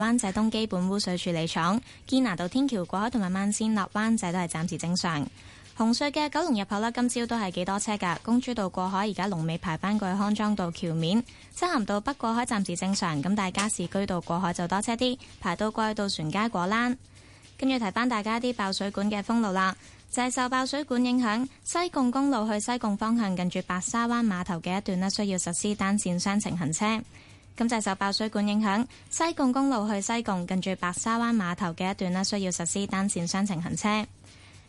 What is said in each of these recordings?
灣仔東基本污水處理廠堅拿道天橋過海同埋慢線落灣仔都係暫時正常。紅隧嘅九龍入口咧，今朝都係幾多車㗎？公主道過海而家龍尾排翻過去康莊道橋面，西行道北過海暫時正常。咁大家加士居道過海就多車啲，排到過去到船街果欄。跟住提翻大家啲爆水管嘅封路啦，就係、是、受爆水管影響，西貢公路去西貢方向近住白沙灣碼頭嘅一段呢需要實施單線雙程行車。咁就係受爆水管影響，西貢公路去西貢近住白沙灣碼頭嘅一段需要實施單線雙程行車。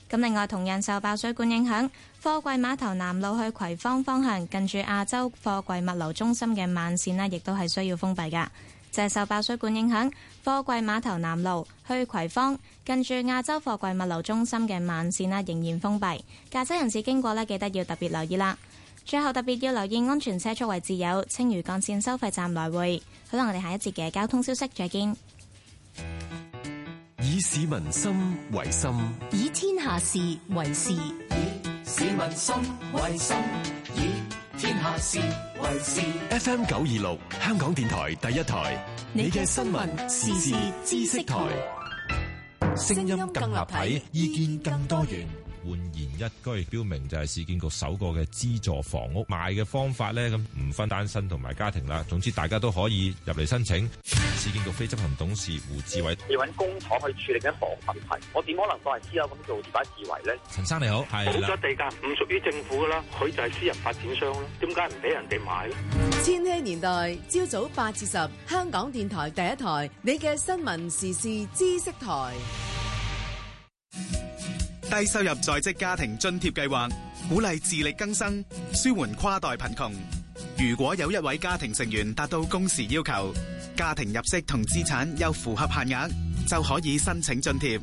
咁另外，同樣受爆水管影響，貨櫃碼頭南路去葵芳方向，近住亞洲貨櫃物流中心嘅慢線亦都係需要封閉㗎。就係受爆水管影響，貨櫃碼頭南路去葵芳近住亞洲貨櫃物流中心嘅慢線仍然封閉。駕駛人士經過咧，記得要特別留意啦。最後特別要留意安全車速為自有青嶼幹線收費站來回。好，我哋下一節嘅交通消息再見。以市民心為心，以天下事為事。以市民心為心，以天下事為事。F M 九二六，香港電台第一台。你嘅新聞時事知識台，聲音更立體，意見更多元。煥然一居，標明就係市建局首個嘅資助房屋賣嘅方法咧，咁唔分單身同埋家庭啦。總之大家都可以入嚟申請。市建局非執行董事胡志偉要揾公帑去處理緊房問題，我點可能放係私有咁做自擺自為咧？陳生你好，係啦，冇咗地價唔屬於政府噶啦，佢就係私人發展商啦。點解唔俾人哋買咧？千禧年代朝早八至十，香港電台第一台，你嘅新聞時事知識台。低收入在職家庭津貼計劃，鼓勵自力更生，舒緩跨代貧窮。如果有一位家庭成員達到工時要求，家庭入息同資產又符合限額，就可以申請津貼。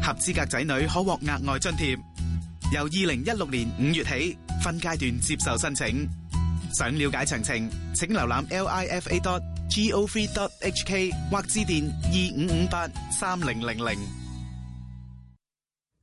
合資格仔女可獲額外津貼。由2016年5月起，分階段接受申請。想了解詳情，請瀏覽 lifa.gov.hk gov hk 或致電2558 3000。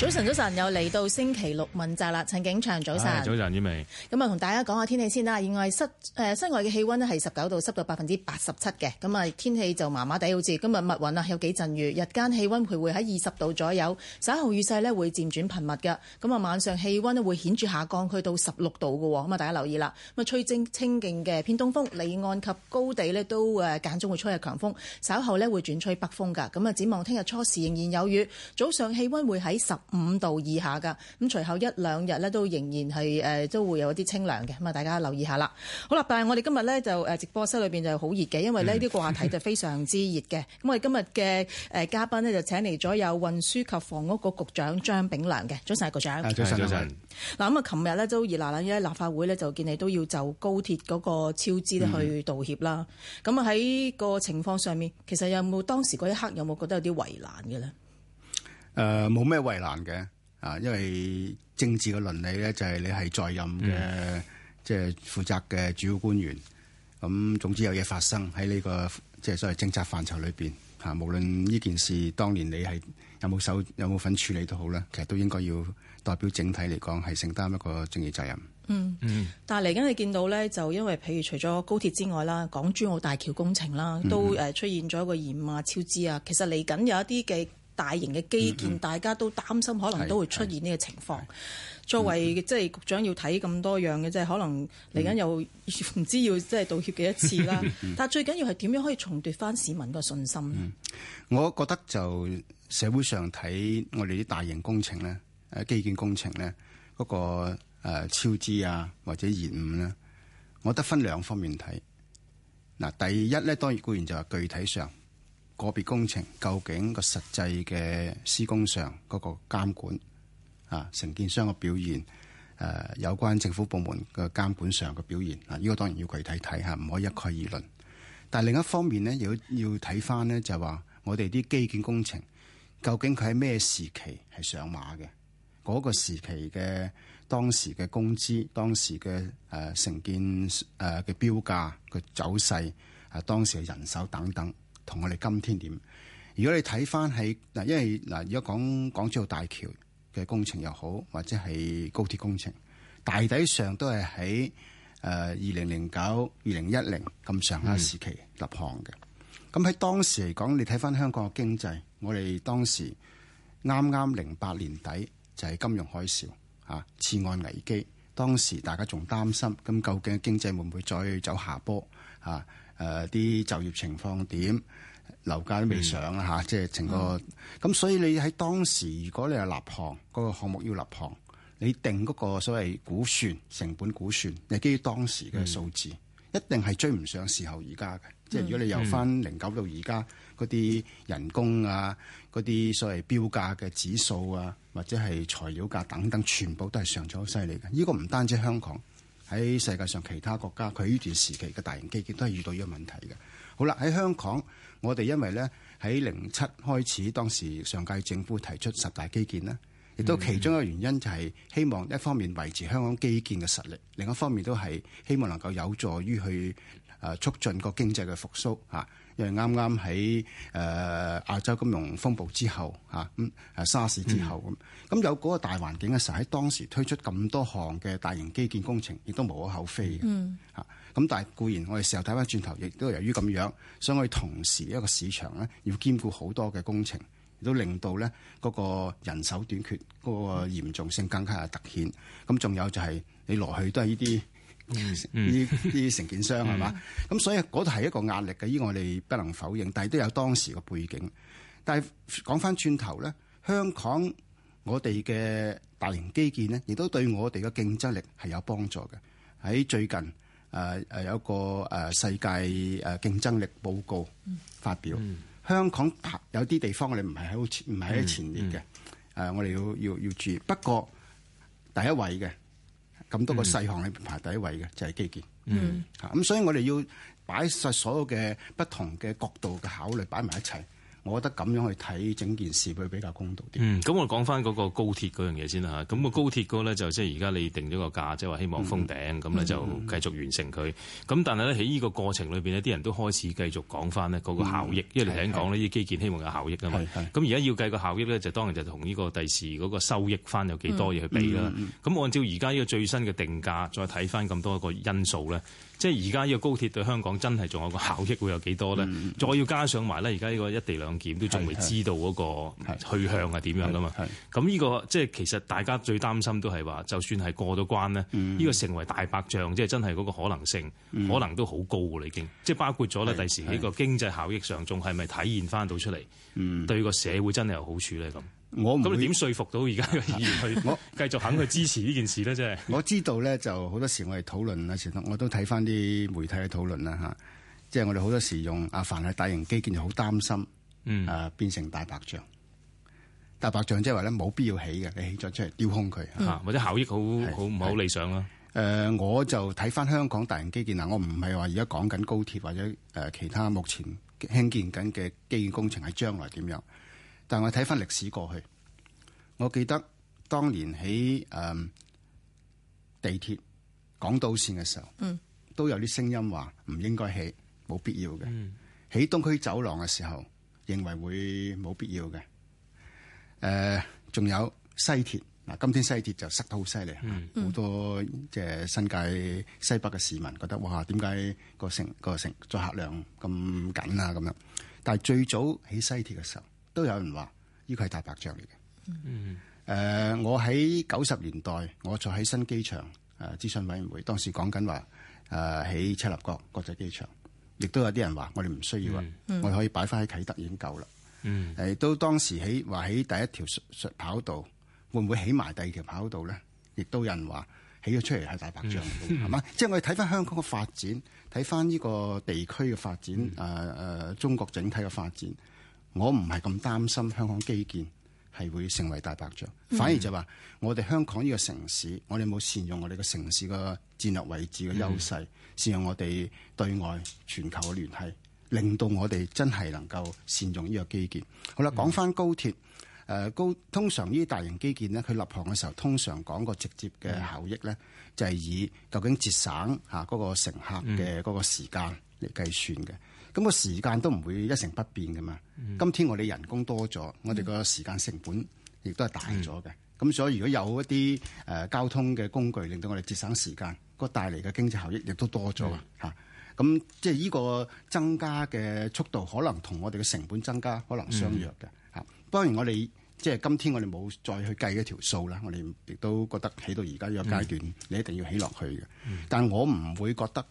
早晨，早晨，又嚟到星期六問責啦。陳景祥，早晨。早晨，婉薇。咁啊，同大家講下天氣先啦。意外室，誒，室外嘅氣温咧係十九度，濕度百分之八十七嘅。咁啊，天氣就麻麻地好似。今日密雲啊，有幾陣雨。日間氣温徘徊喺二十度左右。稍後雨勢咧會漸轉頻密㗎。咁啊，晚上氣温咧會顯著下降，去到十六度嘅喎。咁啊，大家留意啦。咁啊，吹正清勁嘅偏東風，離岸及高地呢都誒間中會吹日強風。稍後呢會轉吹北風㗎。咁啊，展望聽日初時仍然有雨。早上氣温會喺十。五度以下㗎，咁隨後一兩日咧都仍然係誒都會有一啲清涼嘅，咁啊，大家留意下啦。好啦，但係我哋今日咧就誒直播室裏面就好熱嘅，因為呢啲話題就非常之熱嘅。咁 我哋今日嘅誒嘉賓呢，就請嚟咗有運輸及房屋局局，局長張炳良嘅，早晨，局長。早晨，早晨。嗱咁啊，琴日咧都熱辣辣，而立法會咧就見你都要就高鐵嗰個超支咧去道歉啦。咁啊，喺個情況上面，其實有冇當時嗰一刻有冇覺得有啲為難嘅咧？誒、呃，冇咩為難嘅啊，因為政治嘅倫理咧、嗯，就係你係在任嘅，即係負責嘅主要官員。咁總之有嘢發生喺呢個即係所謂政策範疇裏邊吓，無論呢件事當年你係有冇手有冇份處理都好啦，其實都應該要代表整體嚟講係承擔一個政治責任。嗯嗯，但係嚟緊你見到咧，就因為譬如除咗高鐵之外啦，港珠澳大橋工程啦，都誒出現咗一個延誤啊、超支啊。其實嚟緊有一啲嘅。大型嘅基建嗯嗯，大家都擔心，可能都會出現呢個情況，是是作為即係局長要睇咁多樣嘅啫，可能嚟緊又唔知要即係道歉幾多次啦、嗯。但係最緊要係點樣可以重奪翻市民個信心、嗯？我覺得就社會上睇我哋啲大型工程咧，誒基建工程咧、嗰個、呃、超支啊或者延誤咧，我覺得分兩方面睇。嗱，第一咧當然固然就係具體上。個別工程究竟個實際嘅施工上嗰、那個監管啊，承建商嘅表現誒、啊，有關政府部門嘅監管上嘅表現啊，呢、這個當然要具體睇下，唔可以一概而論。但係另一方面咧，要要睇翻呢，就係話我哋啲基建工程究竟佢喺咩時期係上馬嘅？嗰、那個時期嘅當時嘅工資、當時嘅誒承建誒嘅、呃、標價嘅走勢啊，當時嘅人手等等。同我哋今天點？如果你睇翻喺嗱，因為嗱，如果講港珠澳大橋嘅工程又好，或者係高鐵工程，大抵上都係喺誒二零零九、二零一零咁上下時期立項嘅。咁、嗯、喺當時嚟講，你睇翻香港嘅經濟，我哋當時啱啱零八年底就係金融海嘯啊，次按危機，當時大家仲擔心，咁究竟經濟會唔會再走下坡啊？誒、呃、啲就業情況點？樓價都未上啦嚇，即係成個咁，啊就是嗯、所以你喺當時如果你係立項嗰、嗰個項目要立項，你定嗰個所謂估算成本估算，你基於當時嘅數字，一定係追唔上時候而家嘅。即係如果你由翻零九到而家嗰啲人工啊，嗰啲所謂標價嘅指數啊，或者係材料價等等，全部都係上咗好犀利嘅。呢、呢個唔單止香港。喺世界上其他國家，佢呢段時期嘅大型基建都係遇到呢個問題嘅。好啦，喺香港，我哋因為咧，喺零七開始，當時上屆政府提出十大基建咧，亦都其中一個原因就係希望一方面維持香港基建嘅實力，另一方面都係希望能夠有助於去誒促進個經濟嘅復蘇吓。誒啱啱喺誒亞洲金融風暴之後嚇，咁誒沙士之後咁，咁有嗰個大環境嘅時候，喺當時推出咁多項嘅大型基建工程，亦都無可厚非嘅嚇。咁、嗯、但係固然我哋時候睇翻轉頭，亦都由於咁樣，所以我哋同時一個市場咧要兼顧好多嘅工程，亦都令到咧嗰個人手短缺嗰、嗰個嚴重性更加係突顯。咁仲有就係、係、你落去都係呢啲。呢啲承建商係嘛？咁 所以嗰度係一個壓力嘅，呢個我哋不能否認。但係都有當時嘅背景。但係講翻轉頭咧，香港我哋嘅大型基建咧，亦都對我哋嘅競爭力係有幫助嘅。喺最近誒誒有一個誒世界誒競爭力報告發表， 香港有啲地方我哋唔係喺好唔係喺前列嘅。誒， 我哋要要要注意。不過第一位嘅。咁多個細項裏面排第一位嘅就係、是、基建，吓，嗯，咁，嗯，所以我哋要擺晒所有嘅不同嘅角度嘅考慮擺埋一齊。我覺得咁樣去睇整件事會比較公道啲。嗯，咁我講翻嗰個高鐵嗰樣嘢先啦嚇。咁個高鐵嗰咧就即係而家你定咗個價，即係話希望封頂，咁、嗯、咧就繼續完成佢。咁、嗯、但係咧喺呢個過程裏面呢，啲人都開始繼續講翻呢嗰個效益，嗯、因為你聽講呢啲基建希望有效益啊嘛。咁而家要計個效益咧，就當然就同呢個第時嗰個收益翻有幾多嘢去比啦。咁、嗯嗯、按照而家呢個最新嘅定價，再睇翻咁多一個因素咧。即係而家呢個高鐵對香港真係仲有個效益會有幾多咧？再、嗯、要加上埋咧，而家呢個一地兩檢都仲未知道嗰個去向係點樣噶嘛？咁呢、呢個即係其實大家最擔心都係話，就算係過咗關咧，呢、嗯呢個成為大白象，即、就、係、是、真係嗰個可能性、嗯、可能都好高噶啦已經。即係包括咗咧，第時呢個經濟效益上仲係咪體現翻到出嚟，對個社會真係有好處咧咁。咁都點說服到而家嘅議員去繼續肯去支持呢件事咧？真 係我，我知道咧，就好多時我哋討論啊，前我都睇翻啲媒體嘅討論啦，吓，即係我哋好多時用阿凡係大型基建就好擔心，嗯，啊、呃、變成大白象，大白象即係話咧冇，必要起嘅，你起咗出嚟丟空佢吓，嗯，或者效益好好唔好理想咯。誒、呃，我就睇翻香港大型基建啊、呃，我唔係話而家講緊高鐵或者誒其他目前興建緊嘅基建工程係將來點樣。但係我睇翻歷史過去，我記得當年起誒地鐵港島線嘅時候，都有啲聲音話唔應該起，冇必要嘅。起東區走廊嘅時候，認為會冇必要嘅。誒，仲有西鐵嗱，今天西鐵就塞得好犀利，好多即係新界西北嘅市民覺得哇，點解個乘個乘載客量咁緊啊？咁樣，但係最早起西鐵嘅時候，都有人話呢個係大白象嚟嘅。誒、mm-hmm. 呃，我喺九十年代，我坐喺新機場誒、啊、諮詢委員會，當時講緊話誒起赤鱲角國際機場，亦都有啲人話我哋唔需要啊，mm-hmm. 我哋可以擺翻喺啟德已經夠啦。誒、mm-hmm. 呃，都當時喺話喺第一條跑道會唔會起埋第二條跑道咧？亦都有人話起咗出嚟係大白象，係、mm-hmm. 嘛？即係我哋睇翻香港嘅發展，睇翻呢個地區嘅發展，誒、呃、誒、呃、中國整體嘅發展。我唔係咁擔心香港基建係會成為大白象，反而就話、是、我哋香港呢個城市，我哋冇善用我哋個城市嘅戰略位置嘅優勢，善用我哋對外全球嘅聯繫，令到我哋真係能夠善用呢個基建。好啦，講返高鐵，誒、呃、高通常呢啲大型基建呢，佢立項嘅時候通常講個直接嘅效益呢，就係以究竟節省吓嗰個乘客嘅嗰個時間嚟計算嘅。咁、那個時間都唔會一成不變嘅嘛。今天我哋人工多咗，我哋個時間成本亦都係大咗嘅。咁、嗯、所以如果有一啲誒、呃、交通嘅工具令到我哋節省時間，那個帶嚟嘅經濟效益亦都多咗、嗯、啊！嚇，咁即係呢個增加嘅速度，可能同我哋嘅成本增加可能相約嘅嚇。當、嗯啊、然我哋。即係今天我哋冇再去計一條數啦，我哋亦都覺得起到而家呢個階段，嗯、你一定要起落去嘅。但我唔會覺得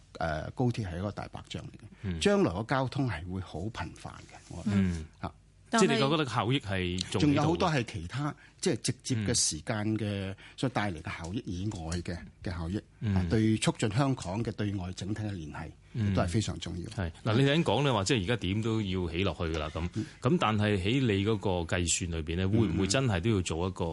高鐵係一個大白象嚟嘅，將來個交通係會好頻繁嘅。嗯、我覺得。嗯嗯即係你覺得效益係仲有好多係其他即係直接嘅時間嘅所、嗯、帶嚟嘅效益以外嘅嘅效益、嗯，對促進香港嘅對外整體嘅聯繫都係非常重要的。係、嗯、嗱，你頭先講咧話，即係而家點都要起落去㗎啦咁。咁但係喺你嗰個計算裏邊咧，會唔會真係都要做一個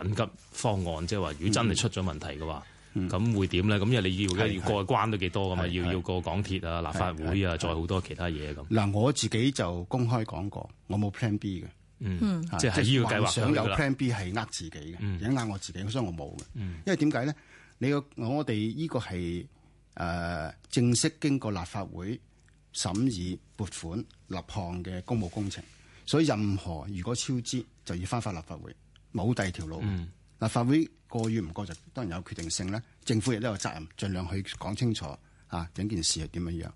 緊急方案？即係話，如果真係出咗問題嘅話。咁、嗯、會點咧？咁因為你要咧要過關都幾多噶嘛？要要，要過港鐵啊、立法會啊，再好多其他嘢咁。嗱、嗯，我自己就公開講過，我冇 Plan B 嘅、嗯。嗯，即係幻想有 Plan B 係呃自己嘅，想、嗯、呃我自己，所以我冇嘅、嗯。因為點解咧？你我我哋呢個係誒、呃、正式經過立法會審議撥款立項嘅公務工程，所以任何如果超支，就要翻返立法會，冇第二條路。嗯立法會過與唔過就當然有決定性咧。政府亦都有責任，盡量去講清楚啊。整件事係點樣樣。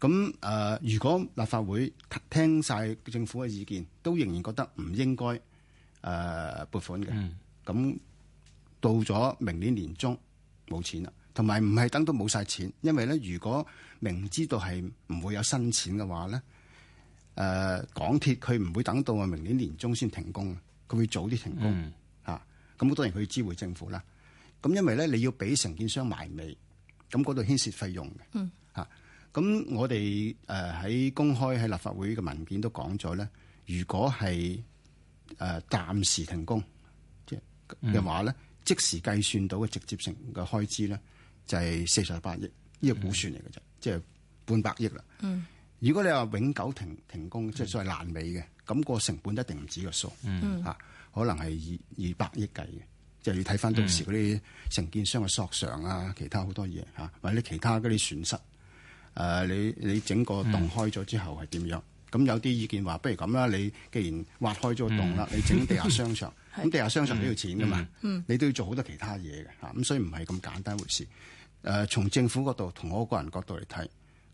咁，誒、呃，如果立法會聽晒政府嘅意見，都仍然覺得唔應該誒、呃、撥款嘅，咁、mm. 到咗明年年中冇錢啦。同埋唔係等到冇晒錢，因為咧，如果明知道係唔會有新錢嘅話咧，誒、呃、港鐵佢唔會等到啊明年年中先停工，佢會早啲停工。Mm. 咁好多人去支援政府啦，咁因為咧你要俾承建商埋尾，咁嗰度牽涉費用嘅，嚇、嗯。咁我哋誒喺公開喺立法會嘅文件都講咗咧，如果係誒暫時停工，即係嘅話咧，即時計算到嘅直接性嘅開支咧，就係四十八億，呢個估算嚟嘅啫，即係半百億啦。嗯，如果你話永久停停工，即係所謂爛尾嘅，咁個成本一定唔止個數。嗯，嚇、嗯。可能係以二百億計嘅，即係要睇翻到時嗰啲承建商嘅索償啊，其他好多嘢嚇、啊，或者其他嗰啲損失。誒、啊，你你整個洞開咗之後係點樣？咁有啲意見話，不如咁啦，你既然挖開咗個洞啦，嗯、你整地下商場，咁 地下商場都要錢㗎嘛，嗯、你都要做好多其他嘢嘅嚇，咁、啊、所以唔係咁簡單一回事。誒、啊，從政府角度同我個人角度嚟睇。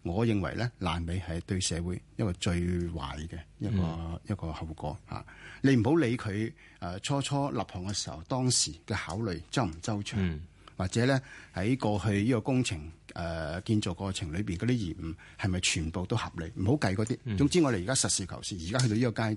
我認為咧，爛尾係對社會一個最壞嘅一個、嗯、一個後果嚇。你唔好理佢誒、呃、初初立項嘅時候當時嘅考慮周唔周詳，或者咧喺過去呢個工程誒、呃、建造過程裏邊嗰啲延誤係咪全部都合理？唔好計嗰啲、嗯。總之我哋而家實事求是，而家去到呢個階段，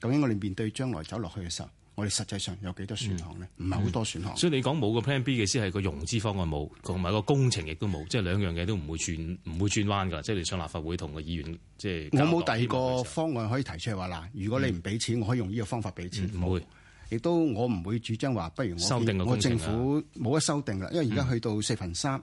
究竟我哋面對將來走落去嘅時候？我哋實際上有幾多、嗯、多選項咧？唔係好多選項，所以你講冇個 plan B 嘅，先係個融資方案冇，同埋個工程亦都冇，即係兩樣嘢都唔會轉唔會轉彎噶。即係你上立法會同個議員，即係我冇第二個方案可以提出嚟話嗱、嗯，如果你唔俾錢，我可以用呢個方法俾錢，唔、嗯、會亦都我唔會主張話不如我修、啊、我政府冇得修訂啦，因為而家去到四分三、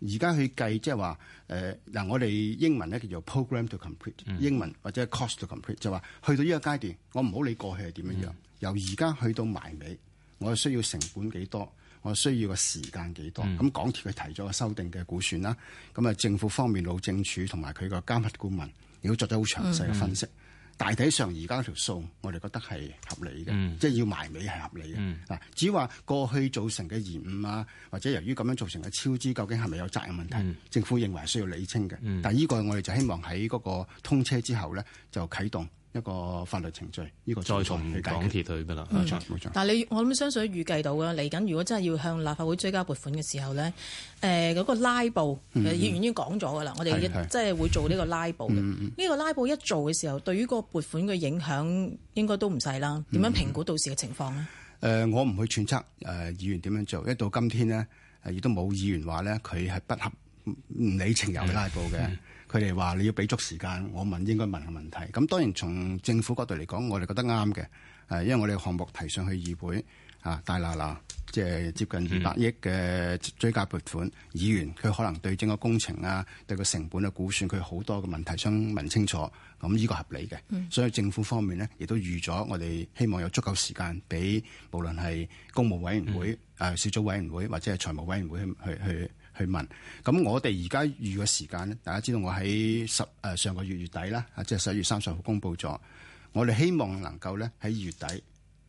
嗯，而家去計即係話誒嗱，我哋英文咧叫做 program to complete、嗯、英文或者 cost to complete 就話去到呢個階段，我唔好理過去係點樣樣。嗯。由而家去到埋尾，我需要成本幾多？我需要個時間幾多？咁、嗯、港鐵佢提咗個修訂嘅估算啦。咁啊，政府方面，路政署同埋佢個監察顧問亦都作咗好詳細嘅分析、嗯。大體上，而家條數我哋覺得係合理嘅、嗯，即係要埋尾係合理嘅。嗱、嗯，只話過去造成嘅延誤啊，或者由於咁樣造成嘅超支，究竟係咪有責任問題，嗯、政府認為需要理清嘅、嗯。但呢個我哋就希望喺嗰個通車之後咧，就啟動。一個法律程序，呢個再從港鐵去噶啦，冇錯冇錯。但係你我諗相信預計到啦，嚟緊如果真係要向立法會追加撥款嘅時候咧，誒、呃、嗰、嗰個拉布，嗯、議員已經講咗噶啦，我哋即係會做呢個拉布呢、嗯呢個拉布一做嘅時候，嗯、對於嗰個撥款嘅影響應該都唔細啦。點樣評估到時嘅情況呢？誒、嗯呃，我唔去揣測誒、呃、議員點樣做。一到今天呢，亦、呃、都冇議員話咧佢係不合不理情由去拉布嘅。嗯嗯佢哋話你要俾足時間我問應該問嘅問，問題，咁當然從政府角度嚟講，我哋覺得啱嘅。誒，因為我哋項目提上去議會啊，大拿拿，即係接近二百億嘅追加撥款，嗯，議員佢可能對整個工程啊、對個成本嘅估算，佢好多嘅問題想問清楚，咁呢個合理嘅，嗯。所以政府方面呢，亦都預咗我哋希望有足夠時間俾，無論係公務委員會、嗯啊、小組委員會或者係財務委員會去去。去問咁，我哋而家預嘅時間呢，大家知道我喺十誒上個月月底啦，即係十一月三十號公佈咗。我哋希望能夠咧喺二月底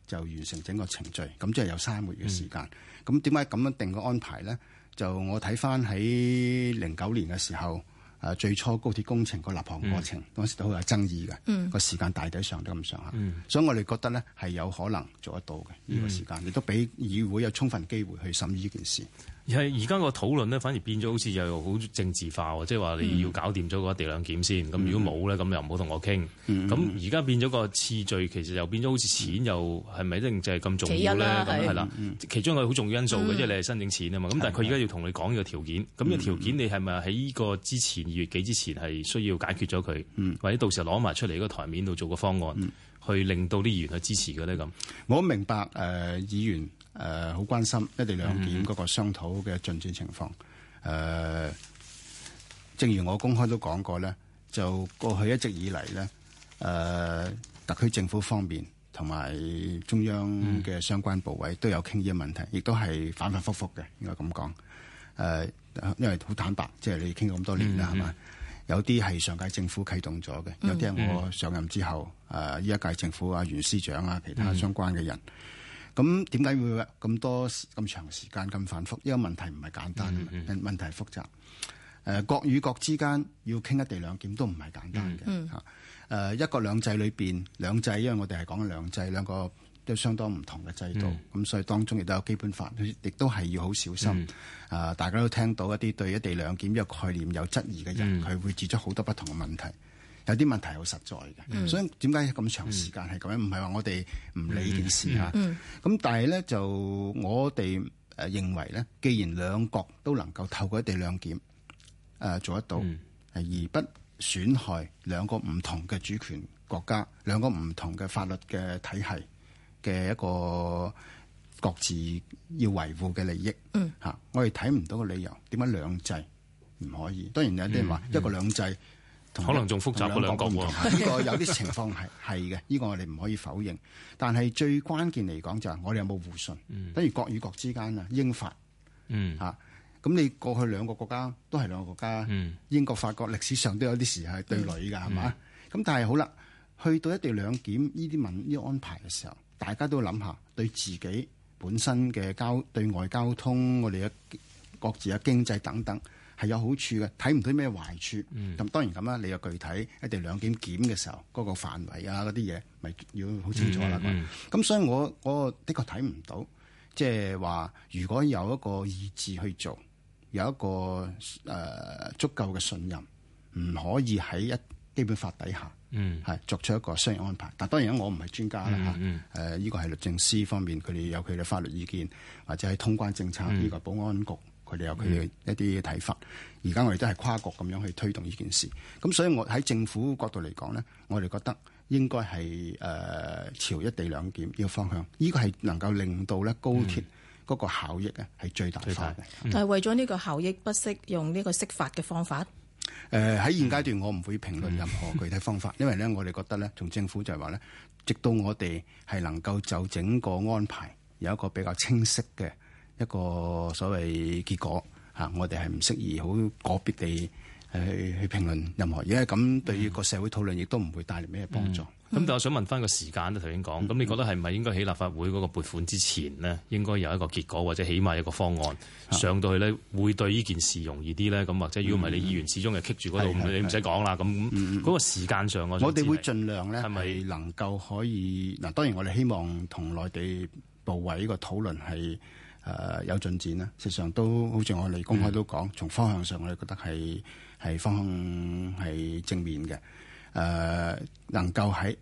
就完成整個程序，咁即係有三個月嘅時間。咁點解咁樣定個安排呢？就我睇翻喺零九年嘅時候，誒、呃、最初高鐵工程個立項過程、嗯，當時都好有爭議嘅，個、嗯、時間大抵上都咁上下。所以我哋覺得呢係有可能做得到嘅呢、呢個時間，亦都俾議會有充分機會去審議呢件事。係而家個討論咧，反而變咗好似又好政治化喎，即係話你要搞掂咗嗰一地兩檢先。咁、嗯、如果冇咧，咁又唔好同我傾。咁而家變咗個次序，其實又變咗好似錢又係咪一定就係咁重要咧？咁係啦，其中一個好重要因素嘅，即、嗯、係你係申請錢啊嘛。咁但係佢而家要同你講呢個條件，咁呢個條件你係咪喺呢個之前二月幾之前係需要解決咗佢、嗯，或者到時候攞埋出嚟嗰個台面度做個方案，嗯、去令到啲議員去支持嘅咧咁？我明白誒、呃、議員。誒、呃、好關心一地兩檢嗰個商討嘅進展情況。誒、mm-hmm. 呃，正如我公開都講過呢就過去一直以嚟呢誒特區政府方面同埋中央嘅相關部委都有傾呢個問題，亦都係反反覆覆嘅，應該咁講。誒、呃，因為好坦白，即、就、係、是、你傾咗咁多年啦，係、mm-hmm. 嘛？有啲係上屆政府啟動咗嘅，有啲係我上任之後，誒、mm-hmm. 依、呃、一屆政府啊，袁司長啊，其他相關嘅人。Mm-hmm. 呃咁點解會咁多咁長時間咁反覆？因為問題唔係簡單，mm-hmm. 問題複雜。誒、呃，國與國之間要傾一地兩檢都唔係簡單嘅吓、mm-hmm. 呃、一國兩制裏面，兩制，因為我哋係講兩制，兩個都相當唔同嘅制度。咁、mm-hmm. 所以當中亦都有基本法，亦都係要好小心。啊、mm-hmm. 呃，大家都聽到一啲對一地兩檢呢個概念有質疑嘅人，佢、mm-hmm. 會指出好多不同嘅問題。有啲問題好實在嘅，嗯，所以點解咁長時間係咁樣？唔係話我哋唔理呢件事嚇，咁、嗯嗯、但係咧，就我哋誒認為咧，既然兩國都能夠透過一地兩檢誒做得到，嗯，而不損害兩個唔同嘅主權國家，兩個唔同嘅法律嘅體系嘅一個各自要維護嘅利益嚇，嗯，我哋睇唔到嘅理由點解兩制唔可以？當然有啲人話一個兩制。可能仲複雜過兩國喎，呢個， 個有啲情況係嘅，呢、這個我哋唔可以否認。但係最關鍵嚟講就係我哋有冇互信、嗯。等於國與國之間啊，英法，嚇、嗯、咁、啊、你過去兩個國家都係兩個國家、嗯，英國法國歷史上都有啲事係對壘㗎，係、嗯、嘛。咁、嗯、但係好啦，去到一地兩檢呢啲問呢個安排嘅時候，大家都諗下對自己本身嘅交對外交通，我哋嘅各自嘅經濟等等。係有好處嘅，睇唔到咩壞處。咁、嗯、當然咁啦，你又具體一地兩檢檢嘅時候，嗰、嗯那個範圍啊，嗰啲嘢咪要好清楚啦。咁、嗯嗯、所以，我我的確睇唔到，即係話如果有一個意志去做，有一個誒、呃、足夠嘅信任，唔可以喺一基本法底下係作、嗯、出一個商業安排。但當然我唔係專家啦嚇。誒、嗯，依、嗯啊這個係律政司方面，佢哋有佢哋法律意見，或者係通關政策，呢、嗯這個保安局。佢哋有佢嘅一啲睇法，而、嗯、家我哋都係跨國咁樣去推動呢件事，咁所以我喺政府角度嚟講咧，我哋覺得應該係誒朝一地兩檢呢個方向，呢、這個係能夠令到咧高鐵嗰個效益咧係最大化嘅、嗯嗯。但係為咗呢個效益，不惜用呢個釋法嘅方法。誒、呃，喺現階段，我唔會評論任何具體方法，嗯、 因為咧我哋覺得咧，從政府就係話咧，直到我哋係能夠就整個安排有一個比較清晰嘅。一個所謂結果嚇，我哋係唔適宜好個別地去去評論任何嘢咁。因為對於個社會討論，亦都唔會帶嚟咩幫助。咁、嗯嗯、但我想問翻個時間咧，頭先講咁，嗯、你覺得係咪係應該喺立法會嗰個撥款之前呢？應該有一個結果，或者起碼一個方案、嗯、上到去呢，會對呢件事容易啲呢？咁或者如果唔係，不你議員始終係棘住嗰度、嗯，你唔使講啦。咁、嗯、嗰、嗰個時間上我哋會盡量咧係咪能夠可以嗱。當然我哋希望同內地部委個討論係。誒、呃、有進展啦，實際上都好似我哋公開都講、嗯，從方向上我哋覺得係方向係正面嘅。誒、呃、能夠喺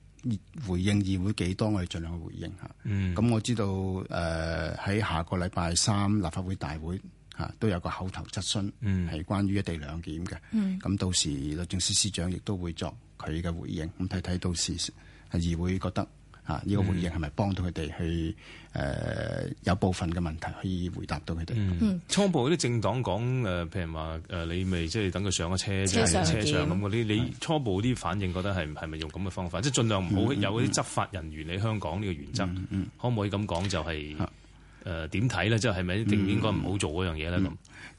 回應議會幾多，我哋儘量去回應吓咁、嗯嗯、我知道誒喺、呃、下個禮拜三立法會大會、啊、都有個口頭質詢，係、嗯、關於一地兩檢嘅。咁、嗯、到時律政司司長亦都會作佢嘅回應，咁睇睇到時係議會覺得，啊、嗯！呢、呢個回應係咪幫到佢哋去誒、呃、有部分嘅問題可以回答到佢哋、嗯嗯？初步嗰啲政黨講誒，譬如話誒、呃，你咪即係等佢上咗車，車上咁啲，你初步啲反應覺得係係咪用咁嘅方法？即係儘量唔好有啲執法人員喺香港呢個原則、嗯嗯，可唔可以咁講、就係呃？就係誒點睇咧？即係係咪一定應該唔好做嗰樣嘢咧？咁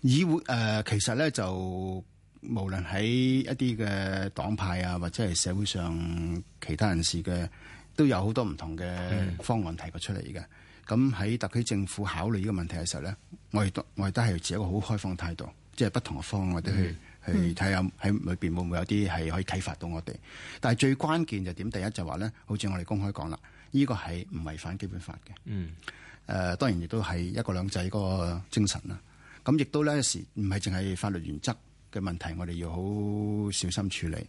議會其實咧就無論喺一啲嘅黨派啊，或者係社會上其他人士嘅。都有好多唔同嘅方案提過出嚟嘅。咁喺特區政府考慮呢個問題嘅時候咧，我亦都我哋都係持一個好開放態度，即係不同嘅方案，我、嗯、哋、嗯、去去睇下喺裏邊會唔會有啲係可以啟發到我哋。但係最關鍵就點？第一就話咧，好似我哋公開講啦，呢個係唔違反基本法嘅。嗯，誒，當然亦都係一國兩制個精神啦。咁亦都咧一時唔係淨係法律原則嘅問題，我哋要好小心處理。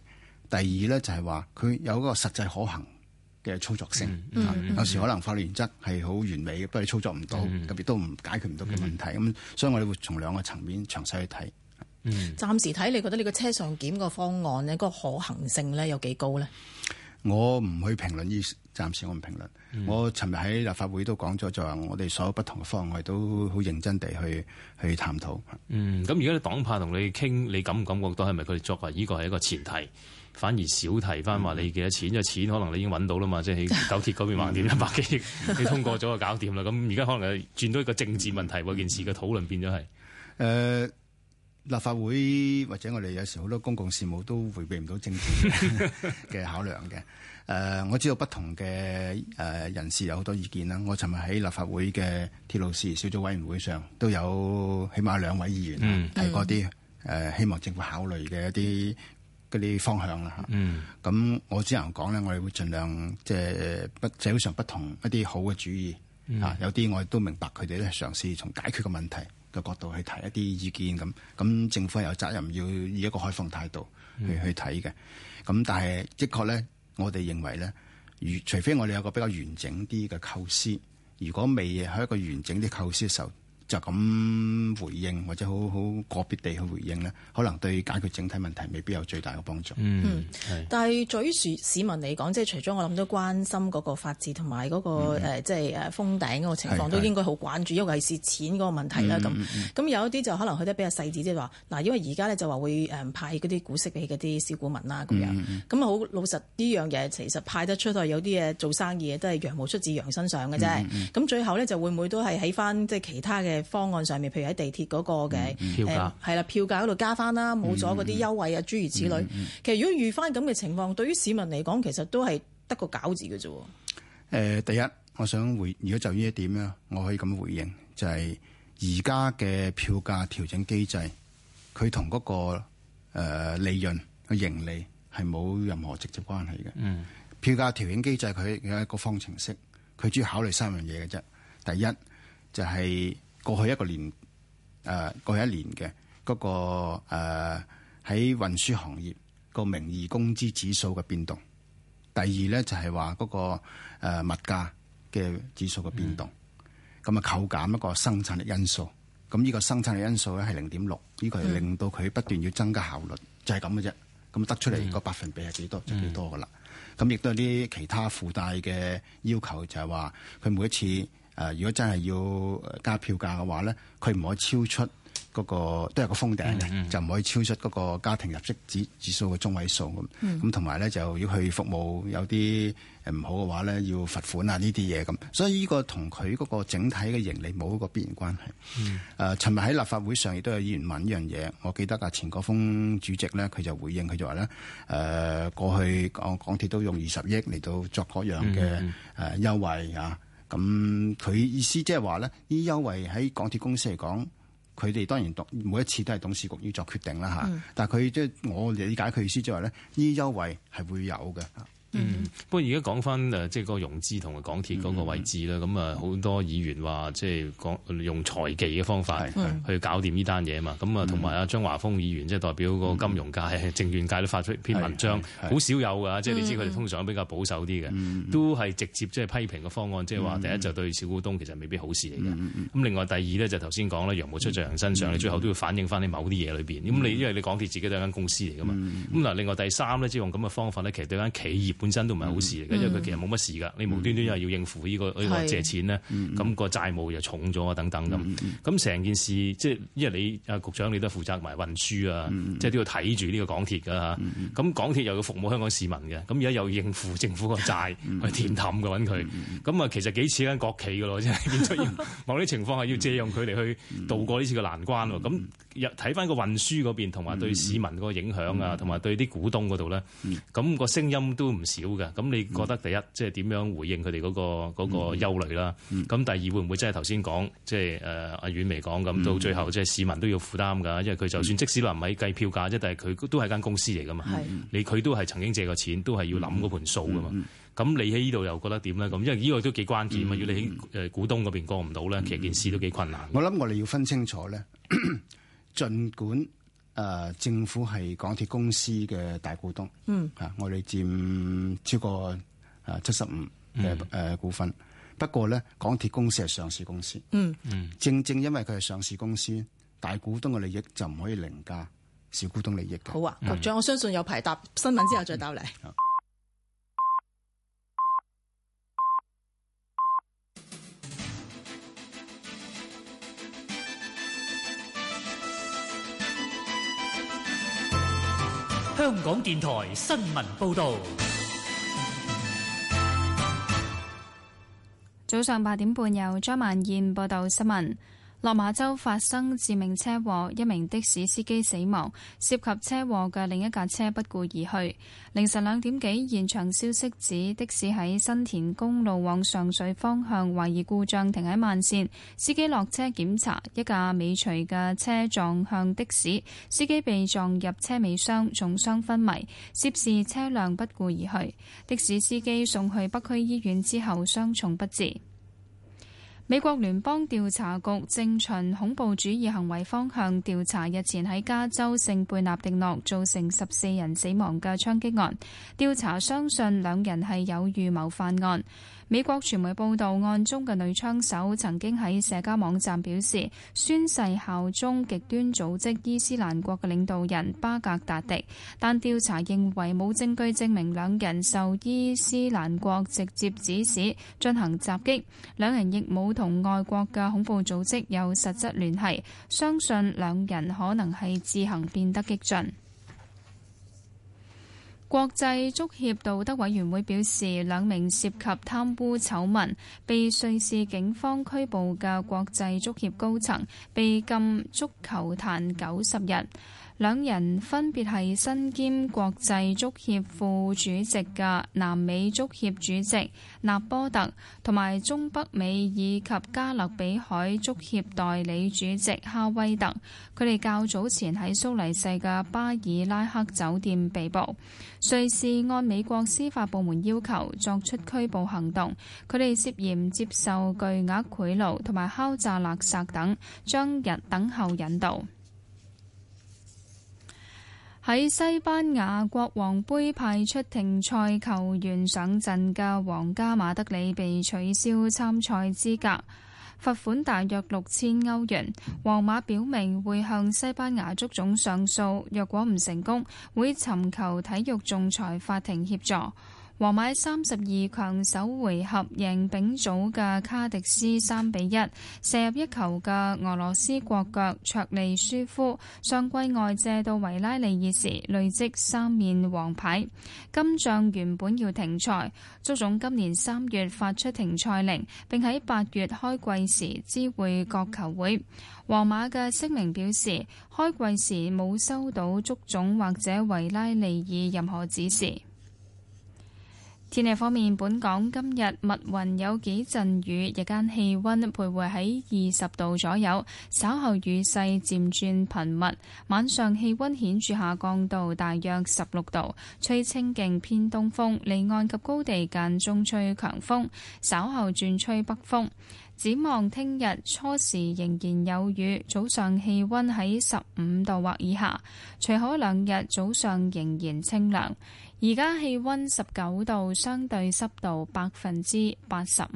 第二咧就係話佢有一個實際可行。嘅操作性、嗯嗯嗯，有時可能法律原則係好完美嘅，不過你操作唔到、嗯，特別都唔解決唔到嘅問題，咁、嗯、所以我哋會從兩個層面詳細去睇。暫、嗯、時睇，你覺得你個車上檢個方案呢、嗰個可行性呢有幾高呢？我唔去評論依，暫時我唔評論。我尋日喺立法會都講咗，就係我哋所有不同嘅方案我哋都好認真地去去探討，嗯，咁如果你黨派同你傾，你感唔感覺到係咪佢哋作為呢個係一個前提？反而提少提翻話你幾多錢，因、嗯、錢可能你已經揾到啦嘛，即、就、係、是、九鐵嗰邊橫掂一百幾億、嗯、你通過咗就搞掂啦。咁而家可能轉到一個政治問題喎，件、嗯、事嘅討論變咗係誒立法會或者我哋有時好多公共事務都回避唔到政治嘅 考量嘅。誒、呃，我知道不同嘅人士有好多意見啦。我尋日喺立法會嘅鐵路事小組委員會上，都有起碼兩位議員、嗯、提過啲、嗯呃、希望政府考慮嘅一啲。嗰啲方向啦吓嗯，咁我只能講咧，我哋會盡量即係不社會上不同一啲好嘅主意啊，嗯，有啲我亦都明白佢哋咧嘗試從解決嘅問題嘅角度去提一啲意見，咁。咁政府有責任要以一個開放態度去去睇嘅。咁、嗯、但係的確咧，我哋認為咧，如除非我哋有個比較完整啲嘅構思，如果未喺一個完整啲構思嘅時候。就咁回應或者好好個別地去回應呢可能對解決整體問題未必有最大嘅幫助。嗯、係但係對於市民嚟講，即、就、係、是、除咗我諗都關心嗰個法治同埋嗰個即、嗯啊就是、封頂嗰個情況，都應該好關注，因為蝕錢嗰個問題啦。咁、嗯、咁、嗯嗯、有一啲就可能去得比較細緻，即係話嗱，因為而家呢就話會誒派嗰啲股息俾嗰啲小股民啦咁樣。咁、嗯、好、嗯、老實，呢樣嘢其實派得出係有啲嘢做生意嘅都係羊毛出自羊身上嘅啫。咁、嗯嗯、最後呢，就會唔會都係喺翻即係其他嘅？嘅方案上面，譬如喺地鐵嗰個嘅，係、嗯、啦、嗯嗯、票價度、嗯嗯、加翻啦，冇咗嗰啲優惠啊諸、嗯、如此類、嗯嗯嗯。其實如果遇翻咁嘅情況，對於市民嚟講，其實都係得個講字嘅啫。誒、呃，第一，我想回如果就呢一點咧，我可以咁回應，就係而家嘅票價調整機制，佢同嗰個誒利潤、個盈利係冇任何直接關係嘅、嗯。票價調整機制佢有一個方程式，佢主要考慮三樣嘢嘅啫。第一就係、是。過去一個年，誒、呃、過去一年嘅嗰、那個喺運輸行業個名義工資指數嘅變動。第二咧就係話嗰個、呃、物價嘅指數嘅變動。咁、嗯、啊扣減一個生產力因素。咁呢個生產力因素咧係零點六。呢個係令到佢不斷要增加效率，就係咁嘅啫。咁得出嚟個百分比係幾多、嗯、就幾多噶啦。咁亦都係啲其他附帶嘅要求，就係話佢每一次。誒，如果真係要加票價嘅話咧，佢唔可以超出嗰、那個都係個封頂嘅，mm-hmm. 就唔可以超出嗰個家庭入息指指數嘅中位數咁。咁同埋咧，就要去服務有啲唔好嘅話咧，要罰款啊呢啲嘢咁。所以呢個同佢嗰個整體嘅盈利冇一個必然關係。誒、mm-hmm. 呃，尋日喺立法會上亦都有議員問呢樣嘢，我記得啊，錢果豐主席咧，佢就回應佢就話咧，誒、呃、過去港港鐵都用二十億嚟到作各樣嘅誒優惠、mm-hmm. 呃咁、嗯、佢意思即係話咧，啲優惠喺港鐵公司嚟講，佢哋當然每一次都係董事局要作決定啦、嗯、但係佢即係我理解佢意思，即係話咧，啲優惠係會有嘅。Mm-hmm. 嗯，不過而家講翻誒，即、就、係、是、個融資同埋港鐵嗰個位置咧，咁啊好多議員話即係講用財技嘅方法去搞掂呢單嘢啊嘛，咁啊同埋啊張華峰議員即係、就是、代表個金融界、證、mm-hmm. 券界都發出一篇文章，好、mm-hmm. 少有㗎，即、就、係、是、你知佢哋通常比較保守啲嘅，mm-hmm. 都係直接即係批評個方案，即係話第一就對小股東其實未必好事嚟嘅，咁、mm-hmm. 另外第二咧就頭先講啦，羊毛出在人身上，mm-hmm. 你最後都要反映翻你某啲嘢裏邊，咁、mm-hmm. 你因為你港鐵自己都係間公司嚟㗎嘛，咁、mm-hmm. 嗱另外第三咧即係用咁嘅方法咧，其實對間企業本身都唔係好事嚟嘅、嗯，因為佢其實冇乜事㗎、嗯，你無端端又要應付呢、呢個呢個、嗯、借錢咧，咁、嗯那個債務又重咗啊等等咁，咁、嗯、成、嗯、件事即係因為你啊局長，你都係負責埋運輸啊，即係都要睇住呢個港鐵㗎嚇，咁、嗯、港鐵又要服務香港市民嘅，咁而家又應付政府個債、嗯、去填氹嘅揾佢，咁啊、嗯嗯、其實幾似間國企㗎咯，即 係變出現某啲情況係要借用佢嚟去渡過呢次嘅難關喎，咁、嗯。嗯。睇翻個運輸嗰邊，同埋對市民嗰個影響啊，同、嗯、埋對啲股東嗰度咧，咁、嗯個聲音都唔少嘅。咁你覺得第一，嗯、即係點樣回應佢哋嗰個嗰、嗰個憂慮啦？咁、嗯、第二會唔會真係頭先講，即係誒阿婉薇講咁，到最後即係、嗯就是、市民都要負擔㗎，因為佢就算即使話唔係計票價啫，但係佢都係間公司嚟噶嘛。你佢都係曾經借過錢，都係要諗嗰盤數噶嘛。咁、嗯、你喺呢度又覺得點咧？咁因為呢個都幾關鍵啊！如、嗯、果你喺誒股東嗰邊過唔到咧，其實件事都幾困難。我諗我哋要分清楚咧。 儘管誒、呃、政府係港鐵公司嘅大股東，嗯，嚇、啊、我哋佔超過誒七十五嘅誒股份。嗯、不過咧，港鐵公司係上市公司，嗯嗯，正正因為佢係上市公司，大股東嘅利益就唔可以凌駕小股東利益嘅。好啊，局長，嗯、我相信有排答新聞，之後再答你。嗯香港電台新聞報道。早上八點半，由張萬燕報道新聞。落馬洲發生致命車禍，一名的士司機死亡，涉及車禍嘅另一架車不顧而去。凌晨兩點幾，現場消息指的士喺新田公路往上水方向懷疑故障停喺慢線，司機落車檢查，一架尾隨嘅車撞向的士，司機被撞入車尾箱，重傷昏迷。涉事車輛不顧而去，的士司機送去北區醫院之後傷重不治。美國聯邦調查局正循恐怖主義行為方向調查日前喺加州聖貝納迪諾造成十四人死亡嘅槍擊案，調查相信兩人係有預謀犯案。美國傳媒報道，案中嘅女槍手曾經喺社交網站表示宣誓效忠極端組織伊斯蘭國嘅領導人巴格達迪，但調查認為冇證據證明兩人受伊斯蘭國直接指使進行襲擊，兩人亦冇同外國嘅恐怖組織有實質聯繫，相信兩人可能係自行變得激進。國際足協道德委員會表示，兩名涉及貪污醜聞、被瑞士警方拘捕嘅國際足協高層被禁足球壇九十日。兩人分別係身兼國際足協副主席嘅南美足協主席納波特，同埋中北美以及加勒比海足協代理主席哈威特。佢哋較早前喺蘇黎世嘅巴爾拉克酒店被捕，瑞士按美國司法部門要求作出拘捕行動。佢哋涉嫌接受巨額賄賂同埋敲詐勒索等，將人等候引渡。喺西班牙國王盃派出停賽球員上陣嘅皇家馬德里被取消參賽資格，罰款大約六千歐元。皇馬表明會向西班牙足總上訴，若果唔成功，會尋求體育仲裁法庭協助。皇馬三十二強首回合贏丙組嘅卡迪斯三比一，射入一球嘅俄羅斯國腳卓利舒夫上季外借到維拉利爾時累積三面黃牌，金將原本要停賽，足總今年三月發出停賽令，並喺八月開季時知會各球會。皇馬嘅聲明表示，開季時冇收到足總或者維拉利爾任何指示。天氣方面，本港今日密雲有幾陣雨，日間氣温徘徊喺二十度左右。稍後雨勢漸轉頻密，晚上氣温顯著下降到大約十六度，吹清勁偏東風，離岸及高地間中吹強風。稍後轉吹北風。展望聽日初時仍然有雨，早上氣温喺十五度或以下，隨後兩日早上仍然清涼。而家氣温十九度，相對濕度百分之八十五。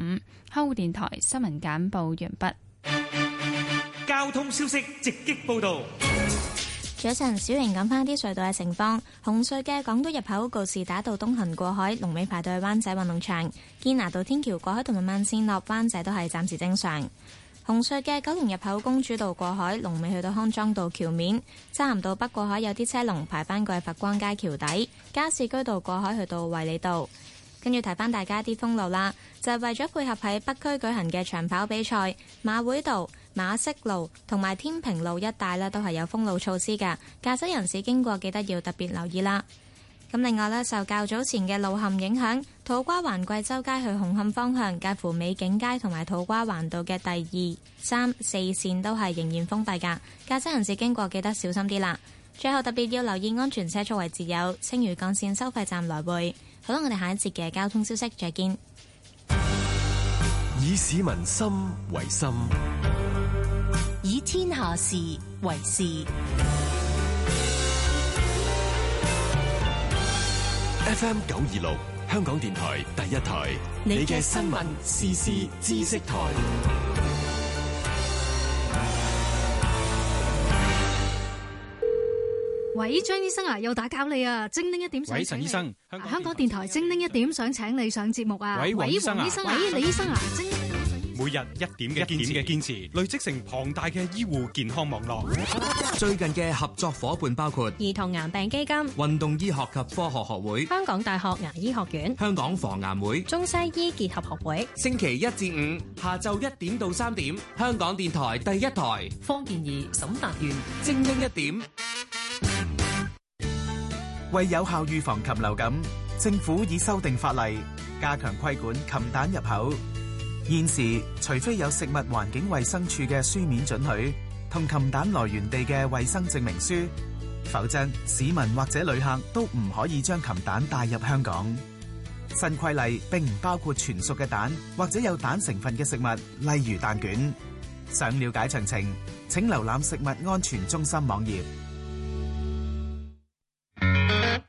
香港電台新聞簡報完畢。交通消息直擊報道：早晨，小瑩講翻啲隧道嘅情況。紅隧嘅港島入口告士打道東行過海龍尾排隊，灣仔運動場堅拿道天橋過海同埋慢線落灣仔都係暫時正常。紅隧嘅九龍入口公主道過海，龍尾去到康莊道橋面，漆咸道北過海有啲車龍排翻過去佛光街橋底，加士居道過海去到衛理道，跟住提翻大家啲封路啦，就係、是、為咗配合喺北區舉行嘅長跑比賽，馬會道、馬適路同埋天平路一帶咧都係有封路措施嘅，駕駛人士經過記得要特別留意啦。咁另外咧，受較早前嘅路陷影響，土瓜灣貴州街去紅磡方向介乎美景街同埋土瓜灣道嘅第二、三、四線都係仍然封閉㗎，駕駛人士經過記得小心啲啦。最後特別要留意安全車速位置有青嶼幹線收費站來回。好啦，我哋下一節嘅交通消息再見。以市民心為心，以天下事為事。FM 九二六，香港電台第一台。你嘅新聞時事知識台。喂，張醫生啊，又打攪你啊，精靈一點。喂，陳醫生，香港電台精靈一點，想請你上節目啊。喂，黃醫生啊，喂，李醫生啊，精。每日一點嘅堅持，累積成龐大嘅醫護健康網絡。最近嘅合作夥伴包括兒童癌病基金、運動醫學及科學學會、香港大學牙醫學院、香港防癌會、中西醫結合學會。星期一至五下晝一點到三點，香港電台第一台。方健儀沈達元，精明一點，為有效預防禽流感，政府已修訂法例，加強規管禽蛋入口。現時，除非有食物環境衛生署嘅書面准許同禽蛋來源地嘅衛生證明書，否則市民或者旅客都唔可以將禽蛋帶入香港。新規例並唔包括全熟嘅蛋或者有蛋成分嘅食物，例如蛋卷。想了解詳情，請瀏覽食物安全中心網頁。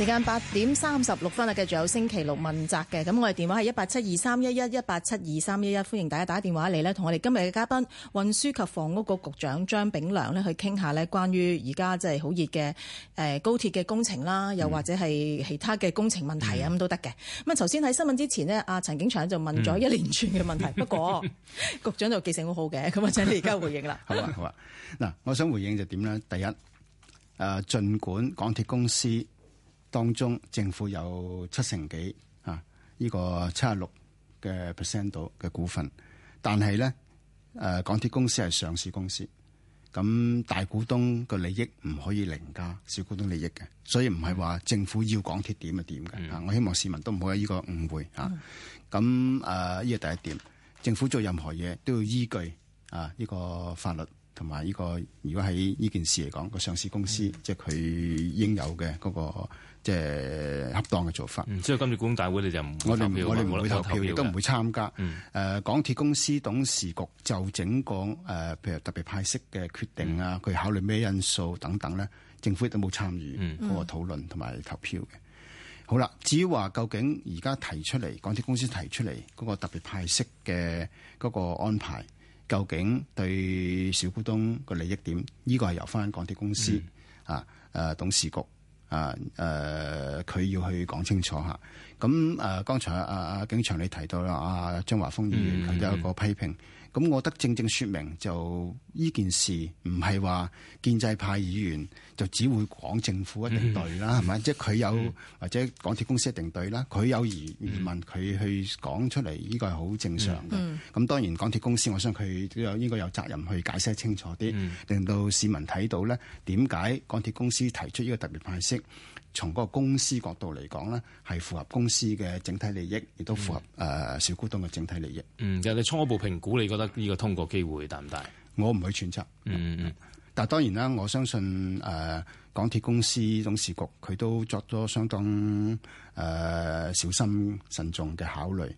時間八點三十六分啦，繼續有星期六問責嘅，咁我哋電話係一八七二三一一一八七二三一一，歡迎大家打電話嚟咧，同我哋今日嘅嘉賓運輸及房屋局局，局長張炳良咧，去傾下咧，關於而家即係好熱嘅誒高鐵嘅工程啦，又或者係其他嘅工程問題啊咁、嗯、都得嘅。咁啊，頭先喺新聞之前呢，阿陳景祥就問咗一連串嘅問題，嗯、 不過局長就記性好好嘅，咁啊，請你而家回應啦。好啊，好啊。嗱，我想回應就點呢？第一，誒，盡管港鐵公司。當中政府有七成幾啊，依個七十六嘅 percent 度嘅股份，但係咧，誒港鐵公司係上市公司，咁大股東嘅利益唔可以凌駕小股東利益嘅，所以唔係話政府要港鐵點就點嘅。啊，我希望市民都唔好有呢個誤會嚇。咁誒依個第一點，政府做任何嘢都要依據啊依個法律。同埋呢個，如果喺呢件事嚟講，個上市公司即係佢應有嘅嗰、那個即係、就是、恰當嘅做法。之、嗯、係今次股東大會，你就唔我哋我哋唔會投票，亦都唔會參加。誒、嗯呃，港鐵公司董事局就整個誒、呃，譬如特別派息嘅決定啊，佢、嗯、考慮咩因素等等咧，政府亦都冇參與嗰、嗯那個討論同埋投票嘅。好啦，至於話究竟而家提出嚟，港鐵公司提出嚟嗰個特別派息嘅嗰個安排。究竟對小股東個利益點，呢、這個係由翻港鐵公司、嗯、啊、呃、董事局啊、佢、呃、要去講清楚吓。咁誒，剛、呃、才阿阿、啊、景祥你提到啦，阿張華峰議員佢都有一個批評。嗯嗯咁我得正正說明，就呢件事唔係話建制派議員就只會講政府一定對啦，係 咪？即係佢有 或者港鐵公司一定對啦，佢有疑疑問，佢 去講出嚟，呢個係好正常嘅。咁 當然港鐵公司，我相信佢都有應該有責任去解釋清楚啲， 令到市民睇到呢點解港鐵公司提出呢個特別派息。從嗰個公司角度嚟講咧，係符合公司嘅整體利益，亦都符合誒小股東嘅整體利益。嗯，其實你初步評估，你覺得呢個通過機會大唔大？我唔去揣測。嗯嗯，但係當然啦，我相信誒、呃、港鐵公司董事局佢都作咗相當誒、呃、小心慎重嘅考慮。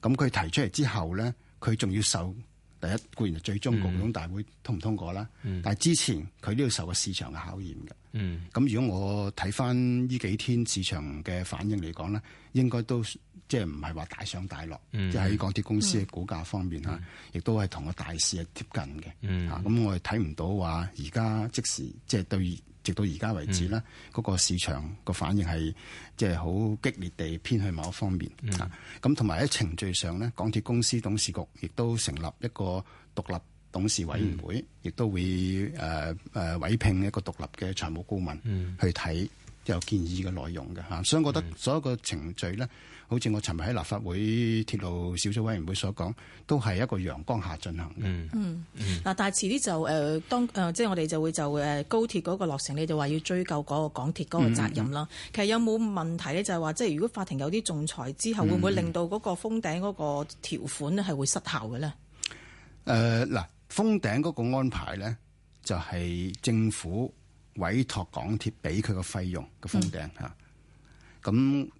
咁佢提出嚟之後咧，佢仲要受。第一固然係最終股東大會通唔通過啦，嗯，但係之前佢都要受個市場嘅考驗嘅。咁、嗯、如果我睇翻呢幾天市場嘅反應嚟講咧，應該都。即係唔係話大上大落，嗯、即係喺港鐵公司嘅股價方面、嗯也是和是嗯、啊，亦都係同個大市係貼近嘅。咁我哋睇唔到話，而家即時即係對直到而家為止咧，嗰、嗯那個市場個反應係即係好激烈地偏向某一方面嚇。咁同埋喺程序上咧，港鐵公司董事局亦都成立一個獨立董事委員會，亦、嗯、都會誒誒、呃呃、委聘一個獨立嘅財務顧問、嗯、去睇有建議嘅內容嘅嚇、啊。所以我覺得所有嘅程序咧。好似我尋日喺立法會鐵路小組委員會所講，都係一個陽光下進行嘅。嗯嗯嗯。嗱，但係遲啲就誒，當誒即係我哋就會就誒高鐵嗰個落成，你就話要追究嗰個港鐵嗰個責任啦、嗯。其實有冇問題咧？就係、是、話，即係如果法庭有啲仲裁之後，會唔會令到嗰個封頂嗰個條款咧，係會失效嘅咧？誒、嗯、嗱、呃，封頂嗰個安排咧，就係政府委託港鐵俾佢個費用嘅封頂嚇。咁、嗯嗯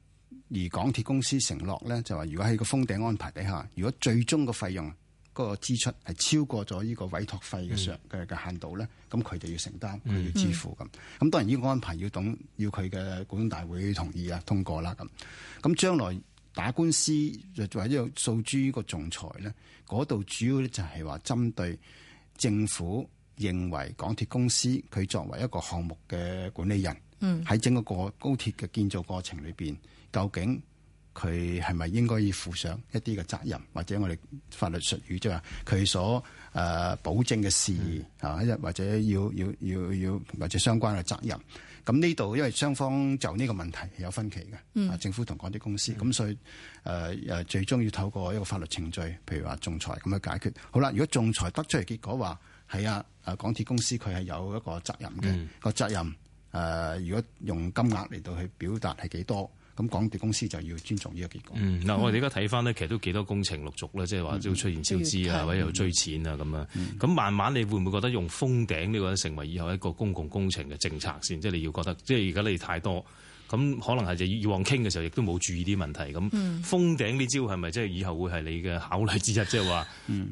而港鐵公司承諾咧，就話：如果喺個封頂安排底下，如果最終個費用嗰、嗰個支出係超過咗呢個委託費嘅上嘅嘅限度咧，咁佢就要承擔，佢要支付咁。咁、嗯嗯、當然呢個安排要等要佢嘅股東大會同意啊通過啦。咁咁將來打官司或者要訴諸呢個仲裁咧，嗰度主要咧就係話針對政府認為港鐵公司佢作為一個項目嘅管理人，喺整個高鐵嘅建造過程裏邊。究竟佢係咪應該要負上一啲嘅責任，或者我哋法律術語即係話佢所誒保證嘅事宜嚇、嗯，或者要要要要或者相關嘅責任。咁呢度因為雙方就呢個問題係有分歧嘅，啊、嗯、政府同港鐵公司咁，嗯、所以誒誒、呃、最終要透過一個法律程序，譬如話仲裁咁樣解決，好啦，如果仲裁得出嚟，結果的話，係啊，港鐵公司佢係有一個責任嘅個、嗯、責任誒、呃。如果用金額嚟到去表達係幾多？咁港鐵公司就要尊重呢個結果。嗯，嗱我哋而家睇翻咧，其實都幾多工程陸續啦、嗯，即係話都出現超支啊、嗯，或者又追錢啊咁樣咁、嗯、慢慢你會唔會覺得用封頂呢個成為以後一個公共工程嘅政策先？即、就、係、是、你要覺得，即係而家你太多，咁可能係就以往傾嘅時候亦都冇注意啲問題。咁封頂呢招係咪即係以後會係你嘅考慮之一？即係話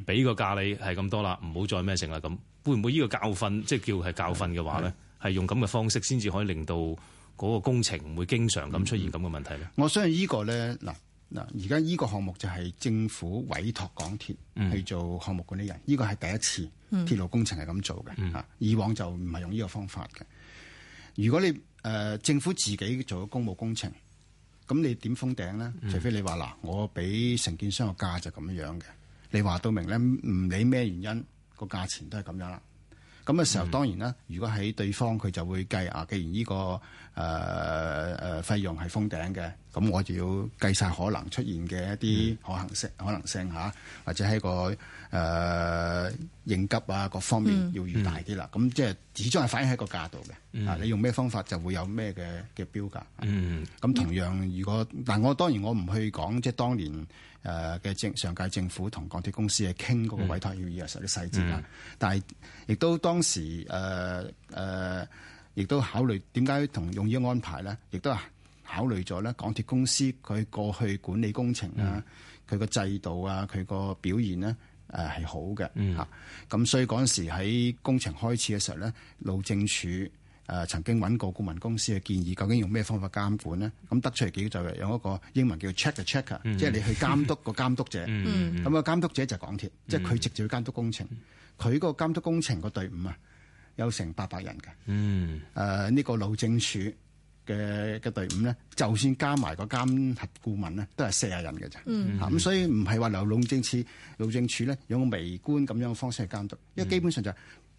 俾個價你係咁多啦，唔好再咩成啦咁。會唔會呢個教訓即係、就是、叫係教訓嘅話咧？係用咁嘅方式先至可以令到。嗰、那個工程唔會經常咁出現咁嘅問題咧、嗯。我相信呢、呢個咧，嗱嗱，而家依個項目就係政府委託港鐵去做項目管理人，呢個係第一次鐵路工程係咁做嘅。啊、嗯，以往就唔係用呢個方法嘅。如果你誒、呃、政府自己做公務工程，咁你點封頂咧？除、嗯、非你話嗱，我俾承建商個價就咁樣嘅，你話到明咧，唔理咩原因，個價錢都係咁樣啦。咁嘅時候當然啦，如果喺對方佢就會計啊，既然呢、這個誒誒、呃呃、費用係封頂嘅，咁我就要計晒可能出現嘅一啲可行性可能性嚇、嗯，或者喺個誒、呃、應急啊各方面要預大啲啦。咁、嗯嗯、即係始終係反映喺個價度嘅，啊、嗯、你用咩方法就會有咩嘅嘅標價。咁、嗯、同樣如果，但我當然我唔去講即係當年。誒嘅政上屆政府同港鐵公司係傾嗰個委託協議嘅時候啲細節啦，mm-hmm. 但係亦都當時誒誒，亦、呃、都、呃、考慮點解同用於安排咧，亦都考慮咗咧港鐵公司佢過去管理工程啊，佢、mm-hmm. 個制度啊，佢個表現咧誒係好嘅嚇，咁、mm-hmm. 所以嗰陣時喺工程開始嘅時候咧，路政署。誒、呃、曾經揾過顧問公司嘅建議，究竟用咩方法監管咧？咁得出嚟幾就係有一個英文叫做 check the checker 即係你去監督個監督者。咁 個、mm-hmm. 監督者就係港鐵，mm-hmm. 即係佢直接去監督工程。佢、mm-hmm. 個監督工程個隊伍啊，有成八百人嘅。誒、mm-hmm. 呢、呃呢個路政署嘅嘅隊伍咧，就算加埋個監核顧問咧，都係四廿人嘅啫。咁、mm-hmm. 所以唔係話由路政處、路政署咧用個微觀咁樣嘅方式去監督，因為基本上就係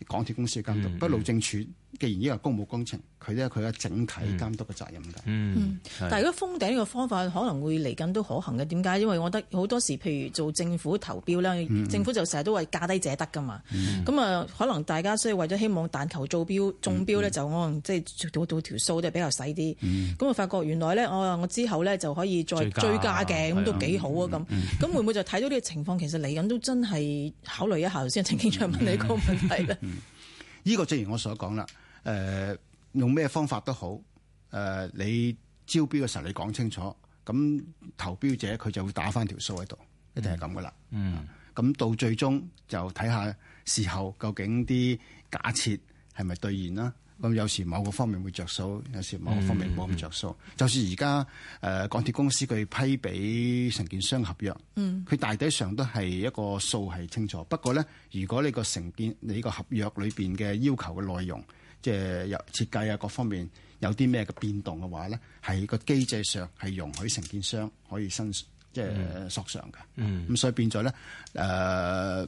港鐵公司嘅監督，mm-hmm. 不過路政署。既然呢個公務工程，佢咧佢嘅整體監督嘅責任嘅、嗯嗯嗯。但係如果封頂呢個方法可能會嚟緊都可行嘅，點解？因為我覺得好多時，譬如做政府投標咧、嗯，政府就成日都話價低者得㗎嘛。咁、嗯、啊，可能大家所以為咗希望但求做標中標咧、嗯嗯，就可能即係做到條數都係比較細啲。咁、嗯、啊，嗯、我發覺原來咧，哦、啊，我之後咧就可以再追加嘅，咁都幾好啊咁。咁、嗯嗯嗯嗯嗯、會唔會就睇到呢個情況？ 其實嚟緊都真係考慮一下先，陳景祥問你個問題呢，依、嗯嗯嗯 呢個正如我所講啦。誒、呃，用咩方法都好，誒、呃，你招標嘅時候，你講清楚，咁投標者佢就會打翻條數喺度，一定係咁噶啦。嗯、咁、嗯、到最終就睇下事後究竟啲假設係咪兌現啦。咁有時候某個方面會着數，有時候某個方面冇咁着數。就算而家誒，港鐵公司佢批俾承建商合約，嗯，佢大體上都係一個數係清楚。不過咧，如果你個承建你個合約裏邊嘅要求嘅內容，即係有設計啊，各方面有啲咩嘅變動嘅話咧，係個機制上係容許承建商可以申即係索償嘅。嗯，咁所以變咗咧，誒、呃。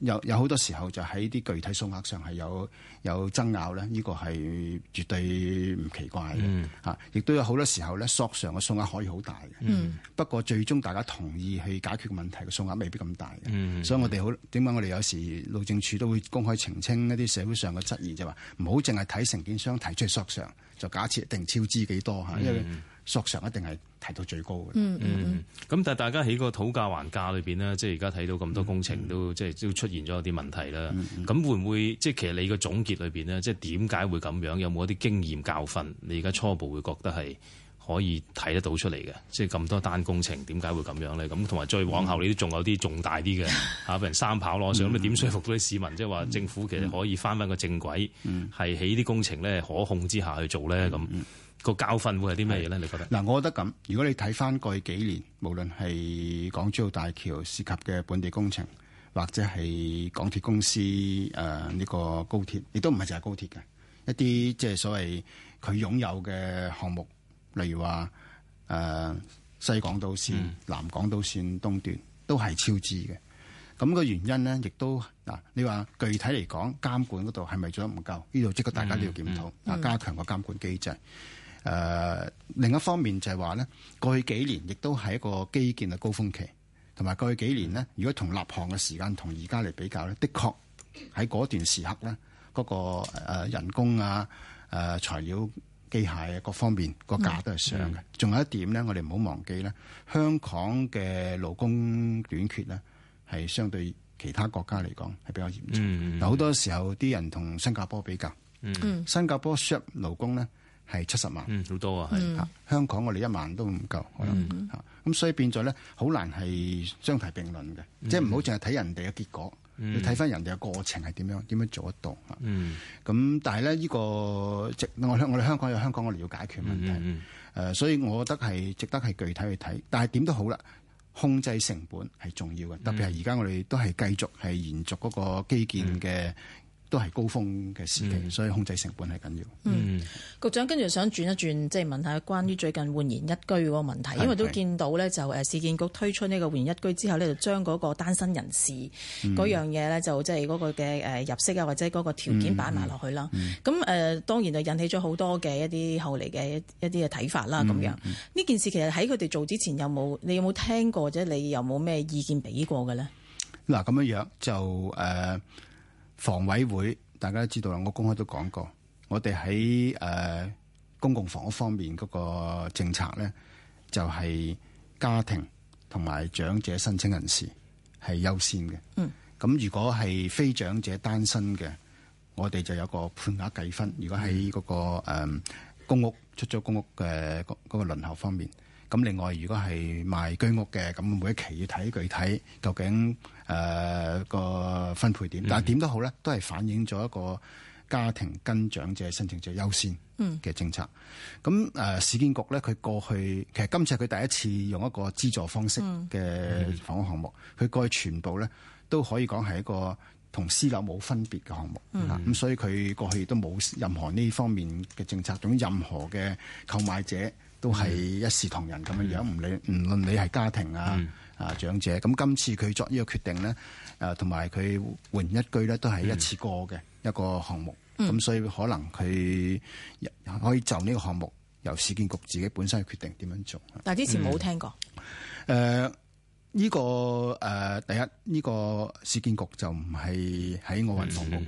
有有好多時候就喺啲具體數額上係有有爭拗咧，呢、呢個係絕對唔奇怪嘅嚇。亦、嗯、都有好多時候咧，索償嘅數額可以好大嘅，嗯。不過最終大家同意去解決問題嘅數額未必咁大嘅，嗯。所以我哋好點解我哋有時路政署都會公開澄清一啲社會上嘅質疑，就話唔好淨係睇承建商提出去索償，就假設一定超支幾多嚇，嗯，因為。索償一定係提到最高嘅。嗯嗯。咁但係大家喺個討價還價裏邊呢，即係而家睇到咁多工程都即係都出現咗啲問題啦。咁、嗯嗯、會唔會即係其實你個總結裏邊呢，即係點解會咁樣？有冇一啲經驗教訓？你而家初步會覺得係可以睇得到出嚟嘅？即係咁多單工程點解會咁樣咧？咁同埋再往後你都仲有啲重大啲嘅嚇，譬 如三跑攞上咁，點説服到啲市民即係話政府其實可以翻返個正軌，係喺啲工程咧可控之下去做咧咁？嗯嗯個教訓會係啲咩嘢咧？你覺得？嗱，我覺得咁，如果你睇翻過去幾年，無論係港珠澳大橋涉及嘅本地工程，或者係港鐵公司誒呢、呃這個高鐵，亦都唔係淨係高鐵嘅，一啲即係所謂佢擁有嘅項目，例如話誒、呃、西港島線、嗯、南港島線東段都係超支嘅。咁個原因咧，亦都嗱，你話具體嚟講，監管嗰度係咪做得唔夠？呢度即刻大家都要檢討，加強個監管機制。誒、呃、另一方面就係話咧，過去幾年亦都係一個基建嘅高峰期，同埋過去幾年咧，如果同立項嘅時間同而家嚟比較咧，的確喺嗰段時刻咧，嗰、那個人、呃、工啊、呃、材料、機械啊各方面、那個價都係上嘅。仲、嗯、有一點咧，我哋唔好忘記咧，香港嘅勞工短缺咧，係相對其他國家嚟講係比較嚴重。好、嗯、多時候啲人同新加坡比較，嗯嗯、新加坡輸入勞工咧。係七十萬，好、嗯、多啊！嗯香，港嗯嗯嗯嗯這個、香港，我哋一萬都唔夠，可能，嚇咁所以變咗咧，好難係相提並論嘅，即係唔好淨係睇人哋嘅結果，要睇翻人哋嘅過程係點樣，點樣做得到。嗯、咁但係咧，呢個直我我哋香港有香港，我哋要解決問題。嗯嗯、所以我覺得係值得係具體去睇。但係點都好啦，控制成本係重要嘅，特別係而家我哋都係繼續係延續嗰個基建嘅。都係高峰嘅時期，嗯、所以控制成本係緊要。嗯，嗯，局長跟住想轉一轉，即係問下關於最近煥然一居嗰個問題，因為都見到咧就誒，市建局推出呢個煥然一居之後咧，就將嗰個單身人士嗰樣嘢咧，嗯、就即係嗰個嘅誒入息啊，或者嗰個條件擺埋落去啦。咁、嗯、誒當然就引起咗好多嘅一啲後嚟嘅一啲嘅睇法啦。咁、嗯、樣呢件事其實喺佢哋做之前有冇你有冇聽過或者你有冇咩意見俾過嘅咧？嗱咁樣樣就誒。呃房委會，大家都知道，我公開都講過，我哋喺公共房屋方面嗰個政策呢，就係家庭同埋長者申請人士係優先嘅。嗯。噉如果係非長者單身嘅，我哋就有個配額計分，如果喺嗰個公屋，出租公屋嘅嗰個輪候方面。噉另外，如果係賣居屋嘅，噉每一期要睇，具體究竟。誒、呃、個分配點，但係點都好咧，都係反映咗一個家庭跟長者申請者優先嘅政策。咁、嗯、誒、呃，市建局咧，佢過去其實今次係佢第一次用一個資助方式嘅房屋項目，佢、嗯、過去全部咧都可以講係一個同私樓冇分別嘅項目。咁、嗯啊、所以佢過去亦都冇任何呢方面嘅政策，總之任何嘅購買者都係一視同仁咁樣樣，唔理唔論你係家庭啊。嗯啊！長者咁今次佢作呢個決定咧，誒同埋佢換一句咧，都係一次過嘅一個項目咁、嗯，所以可能佢可以就呢個項目由市建局自己本身去決定點樣做。但係，之前冇聽過誒呢、嗯呃呢個誒、呃、第一呢、呢個市建局就唔係喺我運房局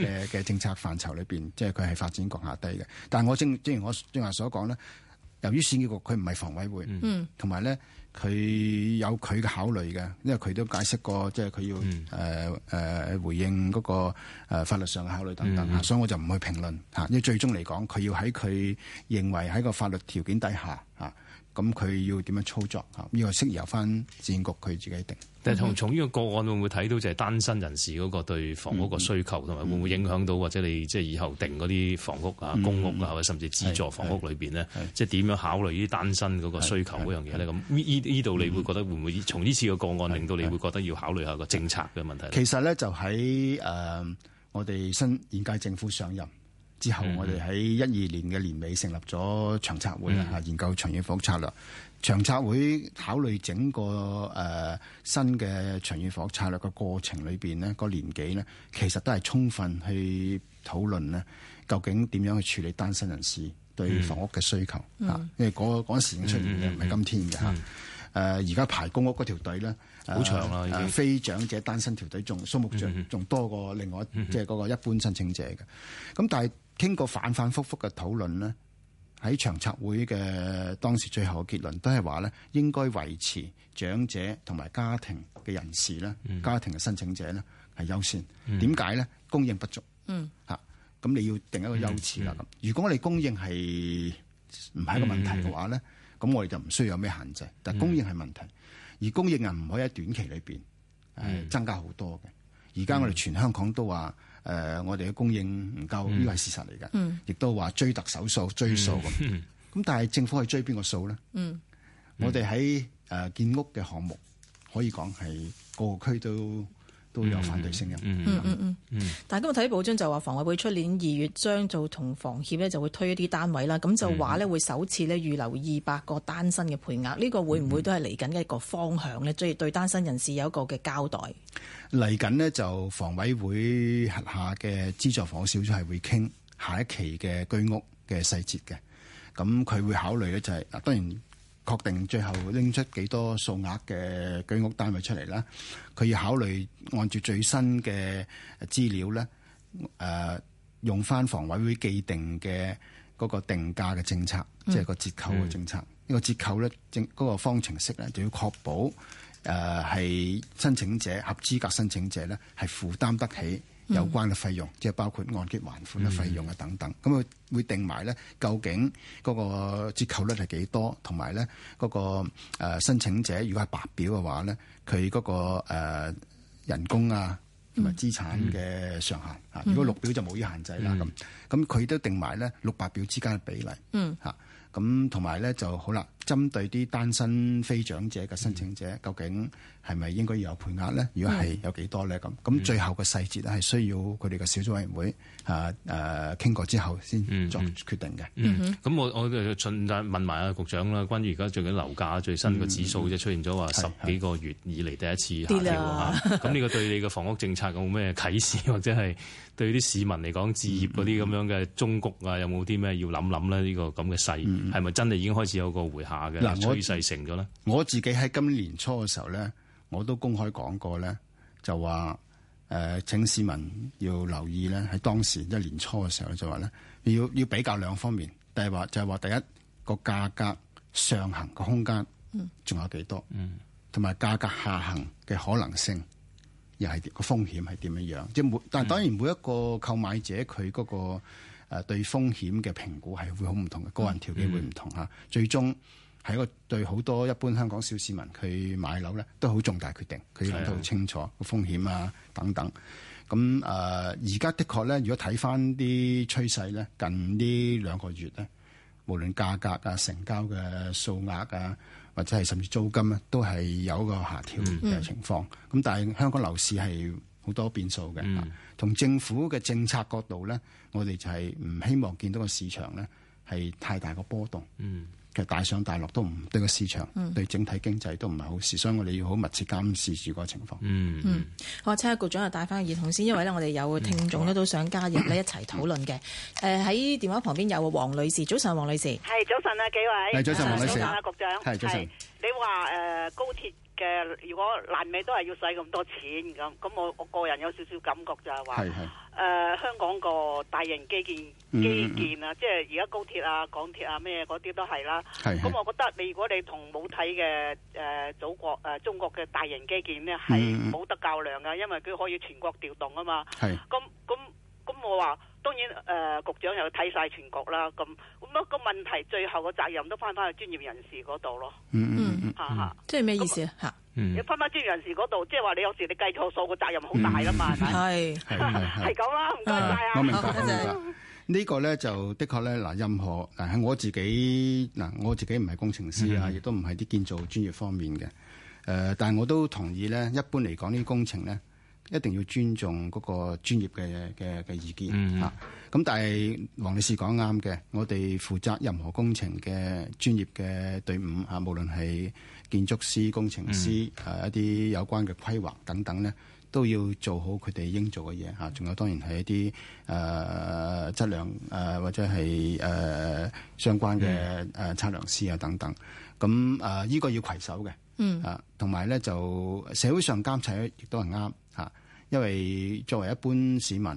嘅嘅政策範疇裏邊，即係佢係發展局下低嘅。但係我正正如我正話所講咧，由於市建局佢唔係房委會，同埋咧。佢有佢嘅考慮嘅，因為佢都解釋過，即係佢要誒誒、嗯呃、回應嗰個法律上嘅考慮等等嚇、嗯，所以我就唔去評論嚇，因為最終嚟講，佢要喺佢認為喺個法律條件底下嚇。咁佢要點樣操作？要呢由發展局佢自己定。但係從呢個個案會唔會睇到就係單身人士嗰個對房屋個需求，同、嗯、埋會唔會影響到或者你即係以後定嗰啲房屋啊、嗯、公屋啊，或者甚至資助房屋裏邊呢、嗯，即係點樣考慮呢啲單身嗰個需求嗰樣嘢咧？咁呢呢度你會覺得會唔會從呢次嘅個案令到你會覺得要考慮下個政策嘅問題？其實咧，就喺、呃、我哋新現屆政府上任。之後我，我哋喺一二年嘅年尾成立咗長策會啊，mm-hmm. 研究長遠房屋策略。長策會考慮整個誒、呃、新嘅長遠房屋策略嘅過程裏邊呢、嗰個年幾呢其實都係充分去討論咧，究竟點樣去處理單身人士對房屋嘅需求啊？Mm-hmm. 因為嗰嗰陣時已出現嘅，唔係今天嘅吓。誒，而家排公屋嗰條隊咧，好、mm-hmm. 啊、長啦、啊啊，非長者單身條隊仲數目仲仲多過另外即係嗰個一般申請者嘅。咁但係。經過反反覆覆嘅討論咧，喺長策會嘅當時最後嘅結論都係話咧，應該維持長者同埋家庭嘅人士咧，家庭嘅申請者咧係優先。點解咧？供應不足吓，咁、嗯啊、你要定一個優次啦。咁如果我哋供應係唔係一個問題嘅話咧，咁我哋就唔需要有咩限制。但供應係問題，而供應又唔可以喺短期裏邊係增加好多嘅。而家我哋全香港都話。誒、呃，我哋嘅供應唔夠呢個係事實嚟嘅、嗯，亦都話追特首數追數咁。咁、嗯、但係政府係追邊個數咧、嗯？我哋喺建屋嘅項目，可以講係個個區都。都有反對聲音。嗯嗯嗯嗯，嗯。但係今日睇報章就話房委會出年二月將做同房協呢就會推一啲單位啦。咁、嗯、就話呢會首次呢預留二百個單身嘅配額。呢、嗯這個會唔會都係嚟緊嘅一個方向呢？即係對單身人士有一個嘅交代。嚟緊呢，嗯、就房委會轄下嘅資助房小組係會傾下一期嘅居屋嘅細節嘅。咁佢會考慮呢、就是，就係當然。確定最後拎出幾多數額嘅居屋單位出嚟啦。佢要考慮按照最新嘅資料咧，誒、呃、用翻房委會既定嘅嗰個定價嘅政策，即係個折扣嘅政策。呢、嗯、個折扣咧，政嗰個方程式咧，就要確保誒係申請者，合資格申請者咧係負擔得起。有關嘅費用，即係包括按揭還款嘅費用啊等等，咁、mm-hmm. 佢會定埋咧，究竟嗰個折扣率係幾多，同埋咧，嗰個申請者如果係白表嘅話咧，佢嗰個人工啊同埋資產嘅上限、mm-hmm. 如果綠表就冇呢限制啦咁，咁佢都定埋咧綠白表之間嘅比例，嚇咁同埋咧就好啦。針對啲單身非長者嘅申請者，嗯、究竟係咪應該要有配額咧？如果係有幾多咧？咁、嗯、咁最後嘅細節咧，係需要佢哋嘅小組委員會，會啊誒傾、啊、過之後先作決定嘅。咁、嗯嗯、我我就順帶問埋阿局長啦，關於而家最近樓價最新嘅指數，即出現咗話十幾個月以嚟第一次下跌喎。咁呢、啊、個對你嘅房屋政策有冇咩啟示，或者係對啲市民嚟講置業嗰啲咁樣嘅中局啊，有冇啲咩要諗諗咧？呢、呢個咁嘅勢係咪、嗯、真係已經開始有個回合？嗱，趨勢成咗咧。我自己喺今年初嘅時候咧，我都公開講過咧，就話誒、呃、請市民要留意咧。喺當時一年初嘅時候，就話咧要要比較兩方面，第話就係話第一個價格上行嘅空間，仲有幾多，嗯，同埋價格下行嘅可能性是，又係點，個風險係點樣，即係每，但當然每一個購買者佢嗰個誒對風險嘅評估係會好唔同嘅，個人條件會唔同嚇、嗯嗯，最終。係一個對好多一般香港小市民去買樓咧，都好重大決定。佢諗得好清楚個風險啊，等等。咁誒，而、呃、家的確咧，如果睇翻啲趨勢咧，近呢兩個月咧，無論價格啊、成交嘅數額啊，或者係甚至租金啊，都係有一個下調嘅情況。咁、嗯、但係香港樓市係好多變數嘅。從、嗯、政府嘅政策角度咧，我哋就係唔希望見到個市場咧係太大個波動。嗯。其實大上大落都唔對個市場，對整體經濟都唔係好事。所以我哋要好密切監視住個情況。嗯，嗯好啊，請下局長又帶翻個熱線先，因為咧，我哋有聽眾咧都想加入呢一齊討論嘅。誒喺電話旁邊有個黃女士，早晨黃女士。係早晨啊，幾位。係早晨，黃女士，女士，局長。係早晨。你話誒、呃、高鐵？嘅，如果爛尾都係要使咁多錢咁，咁我我個人有少少感覺就係話，誒、呃、香港個大型基建，基建啊，嗯嗯即係而家高鐵啊、港鐵啊咩嗰啲都係啦。咁我覺得你如果你同冇睇嘅誒祖國誒、呃、中國嘅大型基建呢，係冇得較量噶，因為佢可以全國調動啊嘛。咁咁咁我話。當然，誒、呃、局長又睇晒全局啦，咁咁乜個問題，最後個責任都翻翻去專業人士嗰度咯。嗯嗯嗯，嚇、嗯、嚇，即係咩意思啊？返、那個嗯、你翻翻專業人士嗰度，即係話你有時你計錯數，個責任好大噶嘛？係係係咁啦，唔該晒啊！我明白呢、啊呢個咧就的確咧嗱，任何嗱係我自己嗱，我自己唔係工程師啊，亦都唔係啲建造專業方面嘅。誒、呃，但係我都同意咧，一般嚟講呢啲工程咧。一定要尊重嗰個專業嘅嘅嘅意見。嚇、mm-hmm. 啊。咁但係黃女士講啱嘅，我哋負責任何工程嘅專業嘅隊伍嚇、啊，無論係建築師工程師、mm-hmm. 啊，一啲有關嘅規劃等等咧，都要做好佢哋應做嘅嘢嚇。仲、啊、有當然係一啲誒、呃、質量誒、呃、或者係誒、呃、相關嘅誒測量師啊等等。咁誒呢個要携手嘅啊，同埋咧就社會上監察亦都係啱。因為作為一般市民，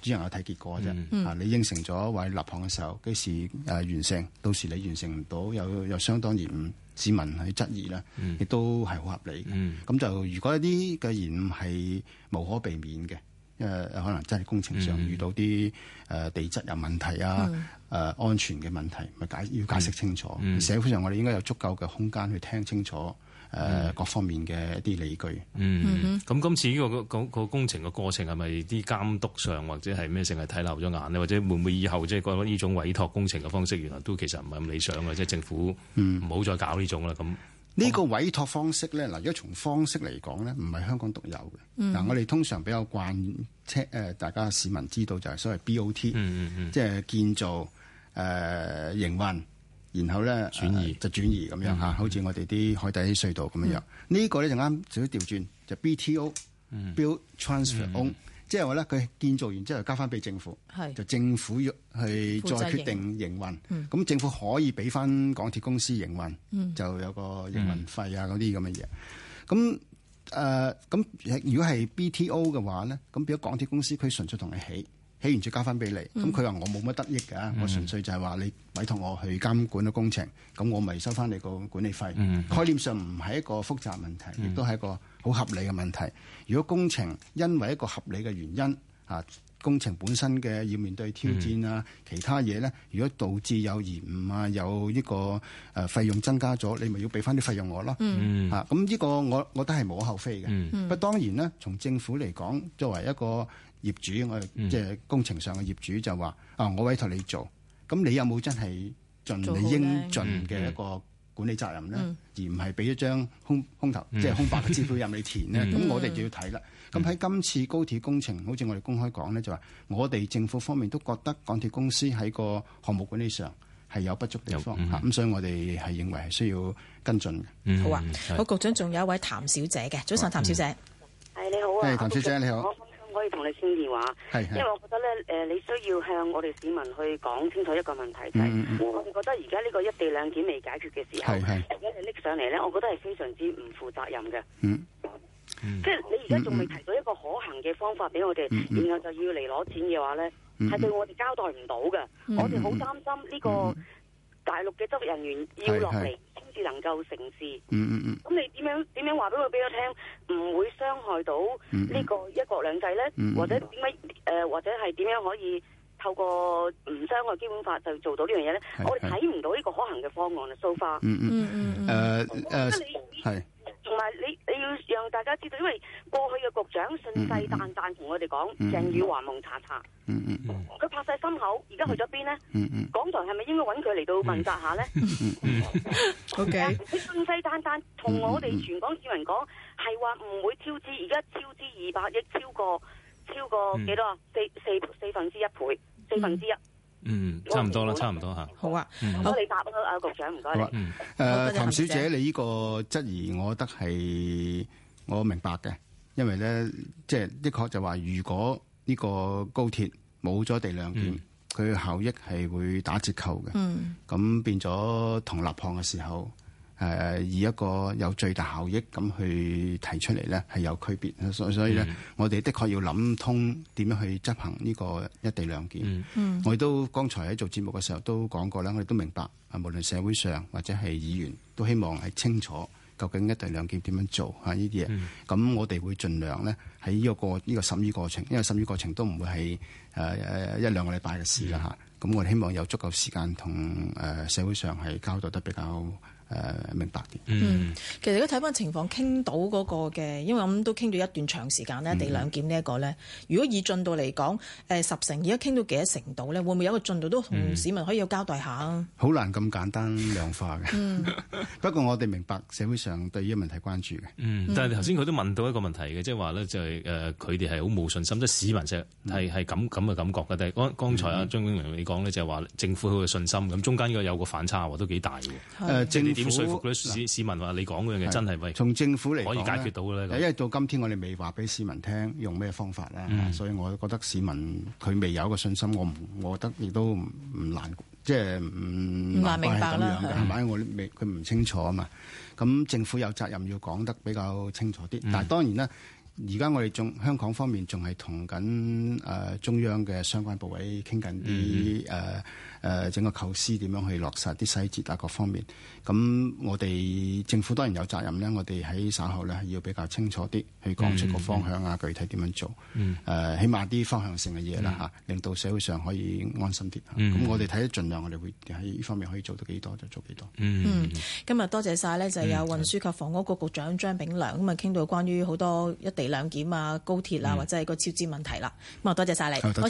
只能有睇結果啫。啊、嗯，你應承咗為立項嘅時候幾時誒完成，到時你完成唔到，又又相當嚴重市民去質疑啦，亦都係好合理嘅。嘅、嗯。咁就如果一啲嘅延誤係無可避免嘅，因為可能真係工程上遇到啲誒地質有問題啊，誒安全嘅問題，咪、嗯、解、啊、要解釋清楚、嗯嗯。社會上我哋應該有足夠嘅空間去聽清楚。誒、呃嗯、各方面嘅一啲理據，嗯，咁今次呢、個個工程嘅過程係咪啲監督上或者係咩，成係睇漏咗眼或者會唔會以後即係覺得呢種委託工程嘅方式原來都其實唔係咁理想嘅？即係政府唔好再搞呢種啦。咁、嗯、呢個委託方式咧，嗱，如果從方式嚟講咧，唔係香港獨有嘅。嗱、嗯，我哋通常比較慣，大家市民知道就係所謂 BOT，即、嗯、係、嗯嗯、建造誒、呃、營運。然後咧，轉移就轉移咁樣，好似我哋啲海底隧道咁樣。呢、嗯、呢個咧就啱，就少少、是、調轉就 BTO，b、嗯、uild Transfer Own，即係話咧佢建造完之後交翻俾政府，係就政府去再決定營運。咁政府可以俾翻港鐵公司營運，嗯、就有個營運費啊嗰啲咁嘅嘢。咁、嗯、誒，咁、呃、如果係 BTO 嘅話咧，咁變咗港鐵公司佢純粹同你起。起完再交翻俾你，咁佢話我冇乜得益㗎、嗯，我純粹就係話你委託我去監管啲工程，咁我咪收翻你個管理費。嗯、概念上唔係一個複雜問題，亦都係一個好合理嘅問題。如果工程因為一個合理嘅原因啊，工程本身嘅要面對挑戰啊、嗯，其他嘢咧，如果導致有延誤啊，有呢個費用增加咗，你咪要俾翻啲費用我咯。嚇、嗯，咁、啊、呢個我我都係無可厚非嘅。不、嗯、過當然咧，從政府嚟講，作為一個業主，我哋即係工程上嘅業主就話：啊，我委託你做，咁你有冇真係盡你應盡嘅一個管理責任呢？而唔係俾一張空空頭，即係空白嘅支票任你填呢？咁我哋就要睇啦。咁喺今次高鐵工程，好似我哋公開講呢，就話我哋政府方面都覺得港鐵公司喺個項目管理上係有不足地方吓，咁所以我哋係認為係需要跟進嘅。好啊，好，局長仲有一位譚小姐嘅。早晨，譚小姐，係你好啊，譚小姐你好。可以同你傾電話，因為我覺得咧，誒你需要向我哋市民去講清楚一個問題。就係、我哋覺得而家呢個一地兩檢未解決嘅時候，而家你拎上嚟咧，我覺得係非常之唔負責任嘅。 即係你而家仲未提到一個可行嘅方法俾我哋，然後就要嚟攞錢嘅話咧，係對我哋交代唔到嘅。我哋好擔心呢、呢個。大陸嘅執法人員要落嚟先至能夠成事。嗯嗯嗯。咁你點樣點樣話俾我俾我聽？唔會傷害到呢個一國兩制咧？或者點解？誒，或者係點樣可以透過唔傷害基本法就做到呢樣嘢咧？我哋睇唔到呢個可行嘅方案 so far。嗯、so、嗯嗯嗯。誒、uh, 係、uh, uh。同埋你你要讓大家知道，因為過去嘅局長信誓旦旦同我哋講鄭汝樺蒙查查，嗯茶茶嗯，佢、嗯嗯嗯、拍晒心口，而家去咗邊呢？嗯嗯，嗯，港台係咪應該揾佢嚟到問責下呢？嗯嗯，O K，佢信誓旦旦同我哋全港市民講係話唔會超支，而家超支二百億，超過超過幾多啊？四四四分之一倍，四分之一。嗯，差唔多啦，差唔多吓。好啊，嗯、好，好，你答啊，局長。唔該，好啊，誒、呃，呃呃呃、譚小姐小姐，你呢個質疑，我覺得係我明白嘅，因為咧，即係的確就話、是，如果呢個高鐵冇咗一地兩檢，佢、嗯、效益係會打折扣嘅。嗯，咁變咗同立項嘅時候。誒以一個有最大效益咁去提出嚟呢，係有區別。所所以咧，我哋的確要諗通點樣去執行呢個一地兩檢，嗯嗯。我哋都剛才喺做節目嘅時候都講過啦。我哋都明白啊，無論社會上或者係議員，都希望係清楚究竟一地兩檢點樣做啊？呢啲嘢咁。嗯、那我哋會盡量呢喺呢個個呢個審議過程，因為審議過程都唔會係誒誒一兩個禮拜嘅事啦。嚇、嗯，咁我哋希望有足夠時間同誒社會上係交代得比較。誒明白啲。嗯，其實而家睇翻情況，傾到嗰個嘅，因為我都傾咗一段長時間呢、嗯，地兩檢呢、這、一個咧，如果以進度嚟講，誒、呃、十成，而家傾到幾多成度咧？會唔會有一個進度都同市民可以有交代一下啊？好、嗯、難咁簡單量化嘅。嗯、 不過我哋明白社會上對呢個問題關注嘅、嗯。但係頭先佢都問到一個問題嘅，即係話咧就係、是、誒，佢哋係好冇信心，即係市民即係係係咁咁嘅感覺嘅。但係剛剛才阿張永明你講咧就係、是、話政府好有信心，咁中間應該有個反差喎，都幾大嘅。誒、呃說服市民話你講嘅嘢真係為，從政府嚟，可以解決到嘅。因為到今天我哋未話俾市民聽用咩方法咧，嗯、所以我覺得市民佢未有一個信心。我唔，我覺得亦都唔難，即係唔明白咁樣嘅係咪？我未佢唔清楚啊嘛。咁政府有責任要講得比較清楚啲。嗯、但係當然啦，而家我哋仲香港方面仲係同緊誒中央嘅相關部委傾緊啲誒。嗯呃誒、呃、整個構思點樣去落實啲細節啊，各方面咁，我哋政府當然有責任呢。我哋喺稍後呢要比較清楚啲，去講出個方向啊、嗯嗯，具體點樣做？誒、嗯呃，起碼啲方向性嘅嘢啦吓，令、嗯、到社會上可以安心啲。咁、嗯、我哋睇得盡量，我哋會喺呢方面可以做到幾多就做幾多嗯嗯。嗯，今日多謝晒呢，就係、是、有運輸及房屋局局長張炳良咁啊，傾到關於好多一地兩檢啊、高鐵啊、嗯、或者係個超支問題啦。咁、嗯、啊，多謝晒你。哦。